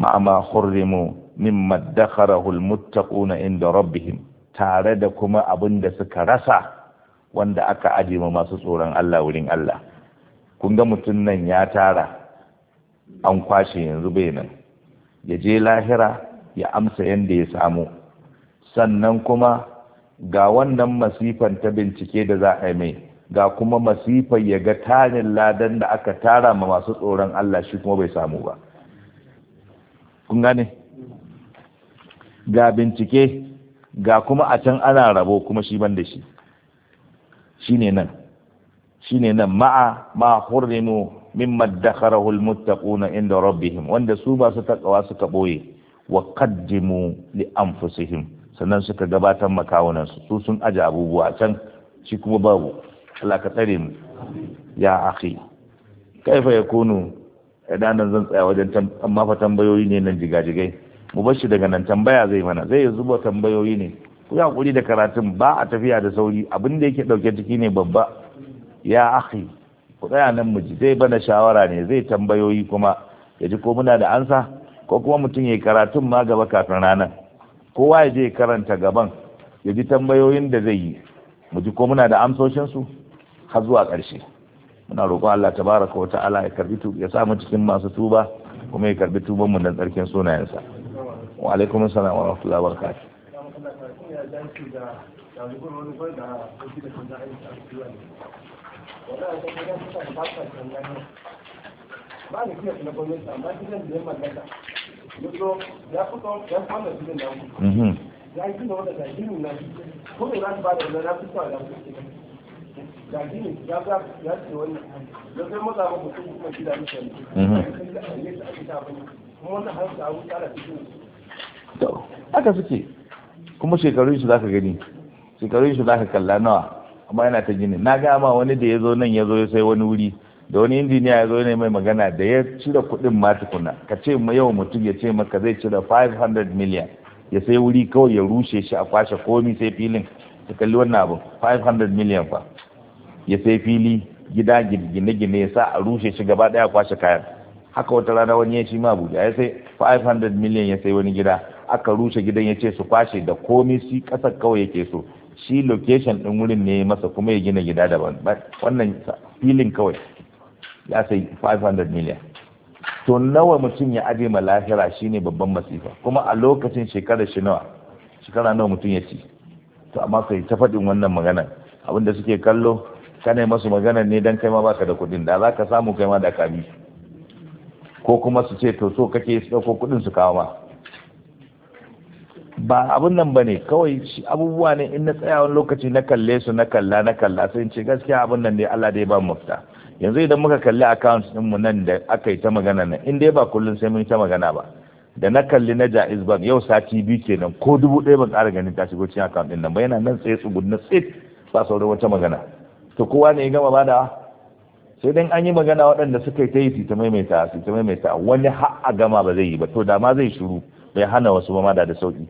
ma'ama hurrimu mimma dakharahu almuttaquna inda rabbihim tare da kuma abin da suka rasa wanda aka ajiye masu tsoron Allah wurin Allah kun ga mutum nan ya tara an kwashe yanzu bai nan ya je lahira ya amsa yadda ya samu sannan kuma ga wannan masifan ta bincike da za a yi mai ga kuma masifan ya ga tanin ladan da aka tara ma masu tsoron Allah shi kuma bai samu ba kun gane ga bincike ga kuma a can ana rabo kuma shi ban da shi ne nan ne nan ma'a ma hurrimu mimma dakharahu almuttaquna inda rabbihim wanda su ba su takawa suka boye wa qaddimu li anfusihim sannan suka gabatar makawunan su su sun aje abubuwa can shi kuma babu Allah ka tsare mu ya akhi kaifa yakunu idan nan zan tsaya wajen amma fa tambayoyi ne nan jigajigai mu bar shi daga nan tambaya zai mana zai zuba tambayoyi ne ku hakuri da karatun ba a tafiya da sauri abin da yake dauke ciki ne babba ya akhi ku tsaya nan mu ji zai bana shawara ne zai tambayoyi kuma ya ji ko muna da ansa ko kuma mutum ya karatun ma gaba kafin ranar kowa ya je karanta gaban ya ji tambayoyin da zai yi mu ji ko muna da amsoshinsu har zuwa ƙarshe muna roƙon Allah tabaraka wa ta'ala ya karbi ya sa mu cikin masu tuba kuma ya karbi tuban mu nan tsarkin sunayensa wa alaikum assalam wa rahmatullahi wa barakatuh ba da na kuma haka suke kuma shekarun gani shekarun shi zaka kalla nawa amma yana ta gini na gama wani da ya zo nan ya zo ya sai wani wuri da wani injiniya ya zo ne mai magana da ya cire kuɗin ma tukuna ka ce ma yau mutum ya ce maka zai cire 500 million ya sai wuri kawai ya rushe shi a kwashe komi sai filin ta kalli wannan abu 500 million fa ya sai fili gida gine-gine ya sa a rushe shi gaba daya kwashe kayan haka wata rana wani ya shi ma abuja ya sai 500 million ya sai wani gida aka rushe gidan ya ce su kwashe da komi su kasar kawai yake so shi location ɗin wurin ne masa kuma ya gina gida da wannan filin kawai ya sai 500 million to nawa mutum ya aje ma lahira shine babban masifa kuma a lokacin shekarar shi nawa shekara nawa mutum ya ci to amma kai ta faɗin wannan magana abinda suke kallo kana masu maganar ne dan kai ma baka da kuɗin da zaka samu kai ma da kabi ko kuma su ce to so kake su ɗauko kuɗin su kawo ma ba abun nan bane kawai abubuwa ne in na tsaya lokaci na kalle su na kalla na kalla sai in ce gaskiya abun nan ne Allah dai ba mu mafita yanzu idan muka kalli account din mu nan da aka yi ta magana nan in dai ba kullun sai mun ta magana ba da na kalli na Jaiz ban yau sati biyu kenan ko dubu ɗaya ban tsara ganin ta shigo cikin account din nan ba yana nan tsaye tsugun na tsit ba sauran wata magana to kowa ne ya gama da? sai dan an yi magana waɗanda suka yi ta yi su ta maimaita su ta maimaita wani har gama ba zai yi ba to da ma zai shiru bai hana wasu ba ma da sauki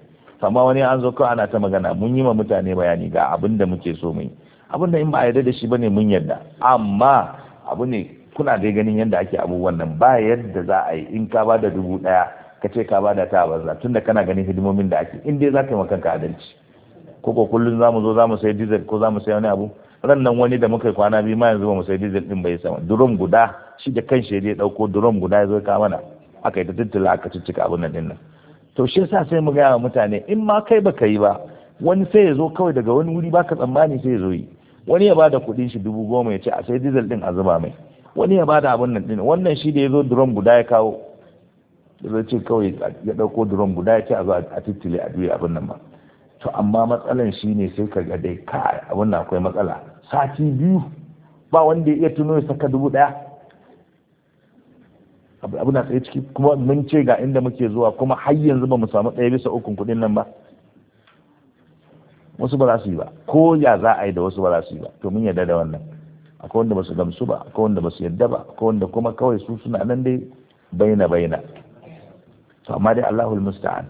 amma wani an zo kawai ana ta magana mun yi ma mutane bayani ga abin da muke so mu yi abin da in ba a yarda da shi bane mun yarda amma abu ne kuna dai ganin yadda ake abubuwan nan ba yadda za a yi in ka ba da dubu daya ka ce ka ba da ta banza tunda kana ganin hidimomin da ake in dai za ka yi makanka adalci ko ko kullum za mu zo za mu sayi diesel ko za mu sayi wani abu ran nan wani da muka yi kwana biyu ma yanzu ba mu sayi diesel din bai sama drum guda shi da kan shi ya dauko durom guda ya zo ka mana aka yi ta tattala aka ciccika abin nan din nan to shi yasa sai mu gaya wa mutane in ma kai baka yi ba wani sai ya zo kawai daga wani wuri baka tsammani sai ya zo yi wani ya bada kuɗin shi dubu goma ya ce a sai dizal din a zuba mai wani ya bada abin nan din wannan shi da ya zo drum guda ya kawo zai ce kawai ya ɗauko drum guda ya ce a zo a tittile a duya abin nan ba to amma matsalan shi ne sai ka ga dai ka abin nan akwai matsala sati biyu ba wanda ya iya tuno ya saka dubu ɗaya abu na tsaye ciki kuma mun ce ga inda muke zuwa kuma har yanzu ba mu samu ɗaya bisa ukun kuɗin nan ba wasu ba za su yi ba ko ya za a yi da wasu ba za su yi ba to mun yarda da wannan akwai wanda ba su gamsu ba akwai wanda ba su yarda ba akwai wanda kuma kawai su suna nan dai baina baina to amma dai Allahul musta'an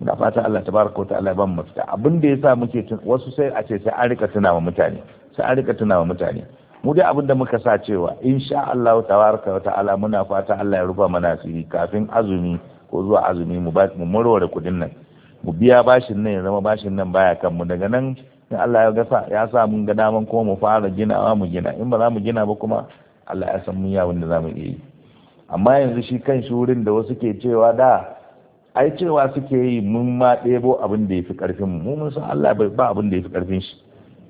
muna fata Allah tabaraka wa ta'ala ban mafita abin da yasa muke wasu sai a ce sai an rika tuna wa mutane sai an rika tuna wa mutane mu dai abin da muka sa cewa insha Allah tabaraka wa ta'ala muna fata Allah ya rufa mana asiri kafin azumi ko zuwa azumi mu mu murware kudin nan mu biya bashin nan ya zama bashin nan baya kan mu daga nan in Allah ya gasa ya sa mun ga daman kuma mu fara ginawa mu gina in ba za mu gina ba kuma Allah ya san mun yi abin za mu iya yi amma yanzu shi kan shurin da wasu ke cewa da ai cewa suke yi mun ma ɗebo abin da ya fi ƙarfin mu mun san Allah bai ba abin da ya fi ƙarfin shi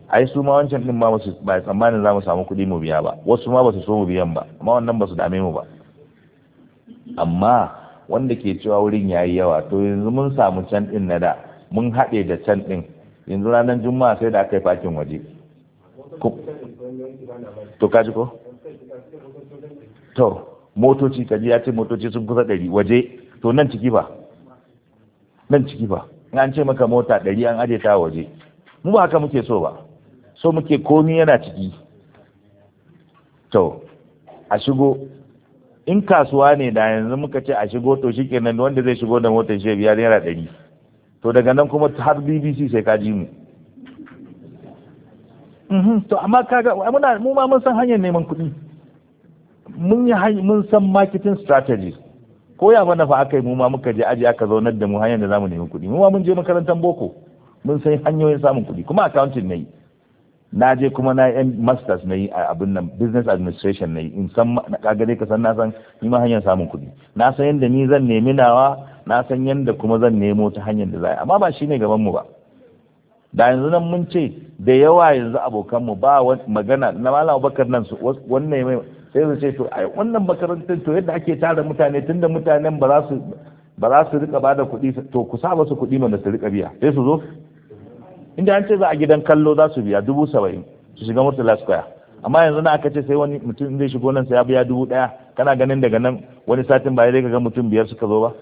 ai su ma wancan din ma su ba tsammanin za mu samu kuɗi mu biya ba wasu ma basu so mu biyan ba amma wannan basu dame mu ba amma wanda ke cewa wurin yayi yawa to yanzu mun samu can din na da mun haɗe da can din yanzu ranar juma'a sai da aka yi fakin waje to kaji ko to motoci kaji ya ce motoci sun kusa ɗari waje to nan ciki ba nan ciki ba an ce maka mota ɗari an aje ta waje mu ba haka muke so ba so muke komi yana ciki to a shigo in kasuwa ne da yanzu muka ce a shigo to shikenan wanda zai shigo da motar shi biya naira ɗari to daga nan kuma har bbc sai ka ji mu mm-hmm. to amma kaga muna mu ma mun san hanyar neman kuɗi mun yi mun san marketing strategy ko ya mana fa aka yi mu ma muka je aji aka zaunar da mu hanyar da zamu nemi kuɗi mu ma mun je makarantar boko mun san hanyoyin samun kuɗi kuma accounting ne na je kuma na yan masters na yi a abin nan business administration na yi in san na kagare ka san na san ni ma hanyar samun kuɗi na san yadda ni zan nemi nawa na san yadda kuma zan nemo ta hanyar da za a amma ba shi ne gaban mu ba da yanzu nan mun ce da yawa yanzu abokan mu ba magana na malam abubakar nan su wannan mai sai su ce to ai wannan makarantar to yadda ake tara mutane tunda mutanen ba za su ba za su rika bada kuɗi to ku saba su kuɗi mana su rika biya sai su zo inda an ce za a gidan kallo za su biya dubu saba'in su shiga murtala square amma yanzu na aka ce sai wani mutum zai shigo nan sai ya biya dubu ɗaya kana ganin daga nan wani satin ba zai ga mutum biyar suka zo ba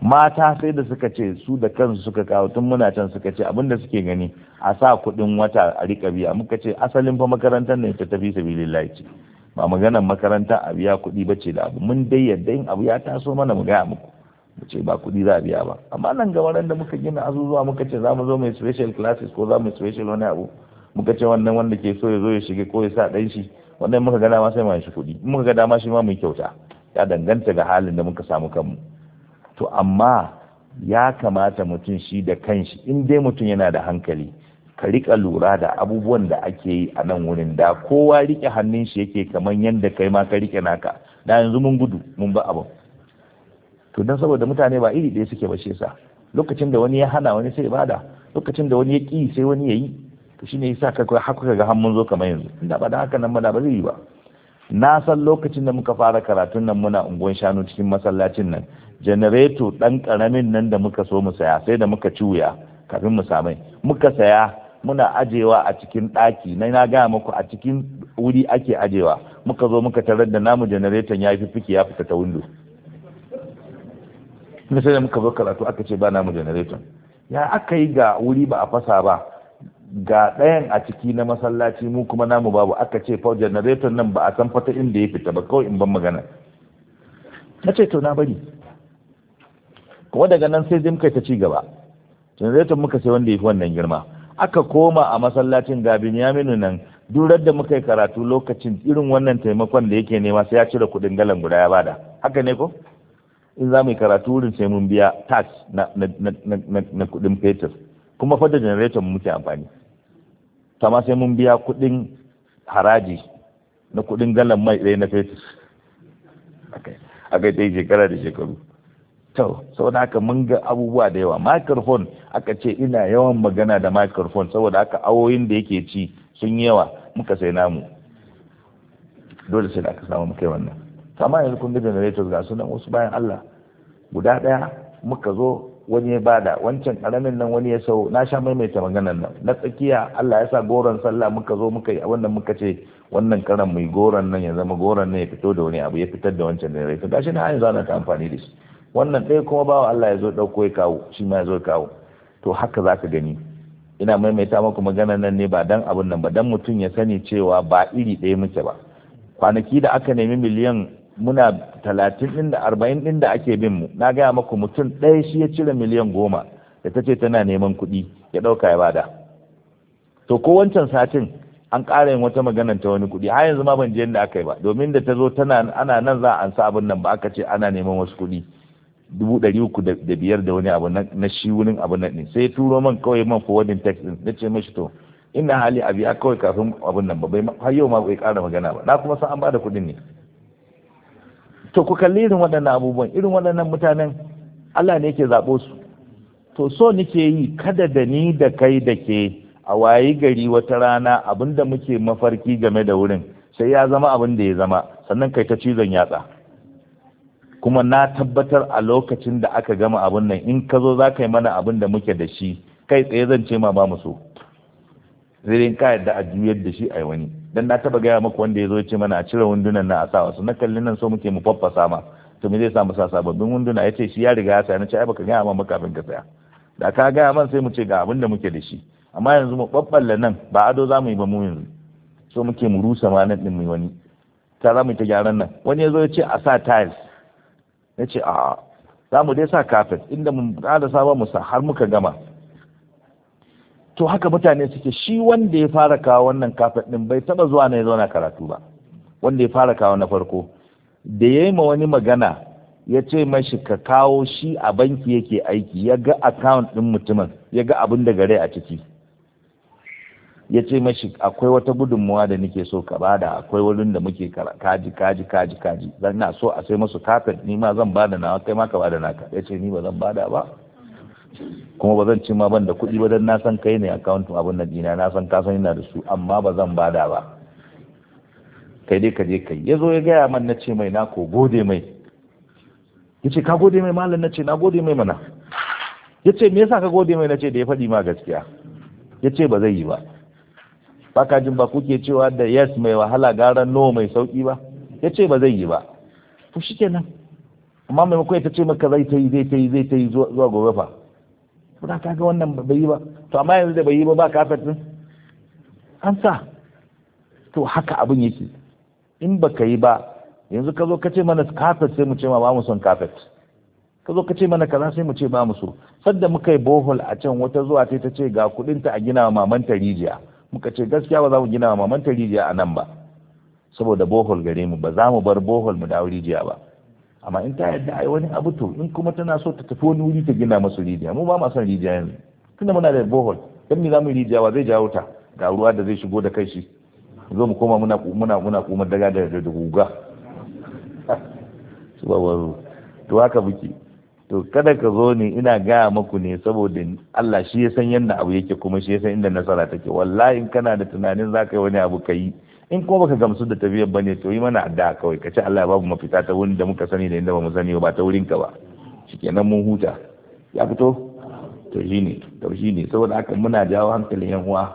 mata sai da suka ce su da kansu suka kawo tun muna can suka ce abin da suke gani a sa kuɗin wata a riƙa biya muka ce asalin fa makarantar ne ta tafi sabilillahi ce ba maganar makaranta a biya kuɗi bace da abu mun dai yadda in abu ya taso mana mu gaya muku mu ce ba kuɗi za a biya ba amma nan gaba waran da muka gina azuzuwa muka ce za mu zo mai special classes ko za mu special wani abu muka ce wannan wanda ke so ya zo ya shiga ko ya sa ɗan shi wannan muka ga dama sai mu shi kuɗi muka ga dama shi ma mu kyauta ya danganta ga halin da muka samu kanmu to amma ya kamata mutum shi da kanshi in dai mutum yana da hankali ka rika lura da abubuwan da ake yi a nan wurin da kowa rike hannun shi yake kamar yadda kai ma ka rike naka da yanzu mun gudu mun ba abu to dan saboda mutane ba iri ɗaya suke ba shi sa lokacin da wani ya hana wani sai ibada lokacin da wani ya ƙi sai wani ya yi to shine yasa ka kai kuka ga hannun zo kamar yanzu inda ba da haka nan ba da ba zai yi ba na san lokacin da muka fara karatun nan muna unguwan shanu cikin masallacin nan janareto dan karamin nan da muka so mu saya sai da muka wuya kafin mu samai muka saya muna ajewa a cikin ɗaki na na gaya muku a cikin wuri ake ajewa muka zo muka tarar da namu janareton ya fi fiki ya fita ta windo tun sai da muka zo karatu aka ce ba mu generator ya aka yi ga wuri ba a fasa ba ga ɗayan a ciki na masallaci mu kuma namu babu aka ce fa generator nan ba a san fata inda ya fita ba kawai in ban magana na ce to na bari kuma daga nan sai zai ta ci gaba generator muka sai wanda ya fi wannan girma aka koma a masallacin ga binyaminu nan durar da muka yi karatu lokacin irin wannan taimakon da yake nema sai ya cire kuɗin galan guda ya bada haka ne ko in za mu yi karatu wurin sai mun biya tax na na kudin fetur kuma fada generator muke amfani amma sai mun biya kudin haraji na kudin galan mai ɗaya na fetur a kai ta yi shekara da shekaru to saboda haka mun ga abubuwa da yawa microphone aka ce ina yawan magana da microphone saboda haka awoyin da yake ci sun yawa muka sai namu dole sai da aka samu mukai wannan amma yanzu kun ga generators ga sunan wasu bayan Allah guda daya muka zo wani ya bada wancan karamin nan wani ya sau na sha maimaita maganan nan na tsakiya Allah ya sa goron sallah muka zo muka yi wannan muka ce wannan karan mai goron nan ya zama goron nan ya fito da wani abu ya fitar da wancan generator gashi na hanyar zana ta amfani da shi wannan ɗaya kuma bawa Allah ya zo ɗauko ya kawo shi ma ya zo ya kawo to haka za ka gani ina maimaita maku maganan nan ne ba dan abun nan ba dan mutum ya sani cewa ba iri ɗaya muke ba kwanaki da aka nemi miliyan muna talatin ɗin da arba'in ɗin da ake bin mu na gaya maku mutum ɗaya shi ya cire miliyan goma da ta ce tana neman kuɗi ya ɗauka ya bada to ko wancan satin an ƙara yin wata maganar ta wani kuɗi har yanzu ma ban je yadda aka yi ba domin da ta zo tana ana nan za a ansa abin nan ba aka ce ana neman wasu kuɗi dubu ɗari uku da biyar da wani abu na shi wurin abu nan ɗin sai turo man kawai man forwarding text ɗin na ce mashi to ina hali a biya kawai kafin abin nan ba har yau ma bai ƙara magana ba na kuma san an bada kuɗin ne to ku kalli irin waɗannan abubuwan irin waɗannan mutanen Allah ne yake zaɓo su to so nike yi kada da ni da kai da ke a wayi gari wata rana abin da muke mafarki game da wurin sai ya zama abin da ya zama sannan kai ta cizon yatsa kuma na tabbatar a lokacin da aka gama abin nan in ka zo za ka yi mana abin da muke da shi kai tsaye zan ce ma ba mu so Zirin kayar da a juyar da shi a yi wani dan na taba gaya maka wanda ya zo ya ce mana a cire wundunan na a sa wasu na kalli nan so muke mu faffasa ma to me zai sa mu sa sababbin wunduna ya ce shi ya riga ya saya na ce ai baka gaya ma maka kafin ka saya da ka gaya man sai mu ce ga abin da muke da shi amma yanzu mu faffalla nan ba ado za mu yi ba mu yanzu so muke mu rusa ma nan din mu wani ta za mu ta gyaran nan wani ya zo ya ce a sa tiles ya ce a za mu dai sa carpet inda mu kada sa ba mu sa har muka gama to haka mutane suke shi wanda ya fara kawo wannan kafet ɗin bai taba zuwa na ya zauna karatu ba wanda ya fara kawo na farko da ya yi ma wani magana ya ce mashi ka kawo shi a banki yake aiki ya ga account din mutumin ya ga abin da gare a ciki ya ce mashi akwai wata gudunmuwa da nake so ka bada akwai wurin da muke kaji kaji kaji kaji zan na so a sai masu kafet ni ma zan bada nawa kai ma ka bada naka ya ce ni ba zan bada ba kuma ba zan ci ma ban da kuɗi ba dan na san kai ne akawuntin abin na dina na san kasan ina da su amma ba zan bada ba kai dai ka je kai ya zo ya gaya man na ce mai na ko gode mai ya ce ka gode mai malam na ce na gode mai mana ya ce me yasa ka gode mai na ce da ya faɗi ma gaskiya ya ce ba zai yi ba ba ka jin ba kuke cewa da yes mai wahala gara no mai sauki ba ya ce ba zai yi ba to shikenan amma maimakon ya ta ce maka zai ta yi zai ta yi zai ta yi zuwa gobe fa kuna ta ga wannan bai yi ba to amma yanzu da bai yi ba ba kafet din an sa to haka abin yake in baka yi ba yanzu ka zo ka ce mana kafet sai mu ce ma ba mu son kafet ka zo ka ce mana kaza sai mu ce ba mu so sadda muka yi bohol a can wata zuwa ta ce ga kudin ta a gina wa maman ta rijiya muka ce gaskiya ba za mu gina wa maman ta rijiya a nan ba saboda bohol gare mu ba za mu bar bohol mu dawo rijiya ba amma in ta yadda ai wani abu to in kuma tana so ta tafi wani wuri ta gina masu rijiya mu ba ma son rijiya yanzu tunda muna da bohol dan me zamu rijiya wa zai jawo ta ga ruwa da zai shigo da kai shi zo mu koma muna muna muna kuma daga da da guga [laughs] wani to haka buke to kada ka zo ne ina gaya maku ne saboda Allah shi ya san yadda abu yake kuma shi ya san inda nasara take wallahi in kana da tunanin zaka yi wani abu ka yi in ko baka gamsu da tafiyar ba ne to yi mana adda kawai ka ce Allah babu mafita ta wurin da muka sani da inda ba mu sani ba ta wurin ka ba shikenan mun huta ya fito to ne to ne saboda haka muna jawo hankalin yan uwa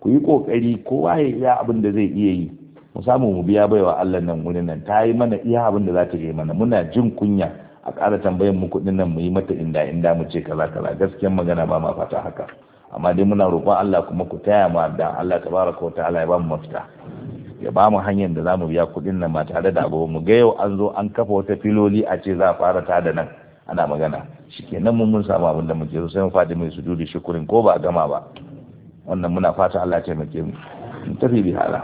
ku yi kokari kowa ya iya abin da zai iya yi mu samu mu biya baiwa Allah nan wurin nan ta yi mana iya abin da za ta yi mana muna jin kunya a ƙara tambayar mu kuɗin nan mu yi mata inda inda mu ce kaza kaza gaskiyar magana ba ma fata haka amma dai muna roƙon Allah kuma ku taya mu da Allah tabaraka wa ta'ala ya ba mu mafita ya ba mu hanyar da za mu biya kuɗin nan ba tare da abu mu ga yau an zo an kafa wata filoli a ce za a fara ta da nan ana magana shikenan mun mun samu abin da muke so sai mu fadi mai sujudi shukurin ko ba a gama ba wannan muna fata Allah ya taimake mu mu tafi bi hala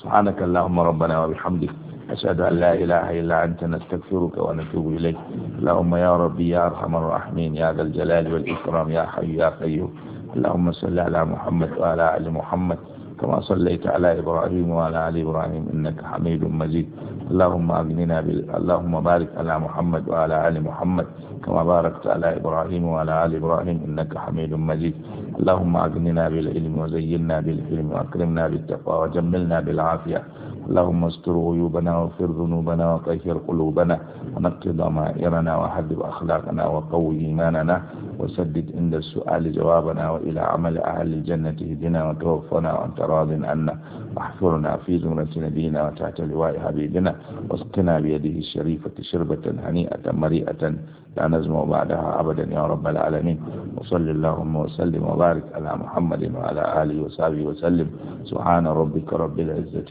subhanaka allahumma rabbana wa bihamdik ashhadu an la ilaha illa anta nastaghfiruka wa natubu ilayk allahumma ya rabbi ya arhamar rahimin ya dal jalali wal ikram ya hayyu ya qayyum اللهم صل على محمد وعلى ال محمد كما صليت على إبراهيم وعلى آل إبراهيم إنك حميد مجيد اللهم أغننا بال... اللهم بارك على محمد وعلى آل محمد كما باركت على إبراهيم وعلى آل إبراهيم إنك حميد مجيد اللهم أغننا بالعلم وزينا بالعلم وأكرمنا بالتقوى وجملنا بالعافية اللهم استر غيوبنا واغفر ذنوبنا وطهر قلوبنا ونقض ضمائرنا وحبب أخلاقنا وقوي إيماننا وسدد عند السؤال جوابنا وإلى عمل أهل الجنة اهدنا وتوفنا وأنت راض عنا واحفرنا في زمرة نبينا وتحت لواء حبيبنا واسقنا بيده الشريفة شربة هنيئة مريئة لا نزمع بعدها أبدا يا رب العالمين وصل اللهم وسلم وبارك على محمد وعلى آله وصحبه وسلم سبحان ربك رب العزة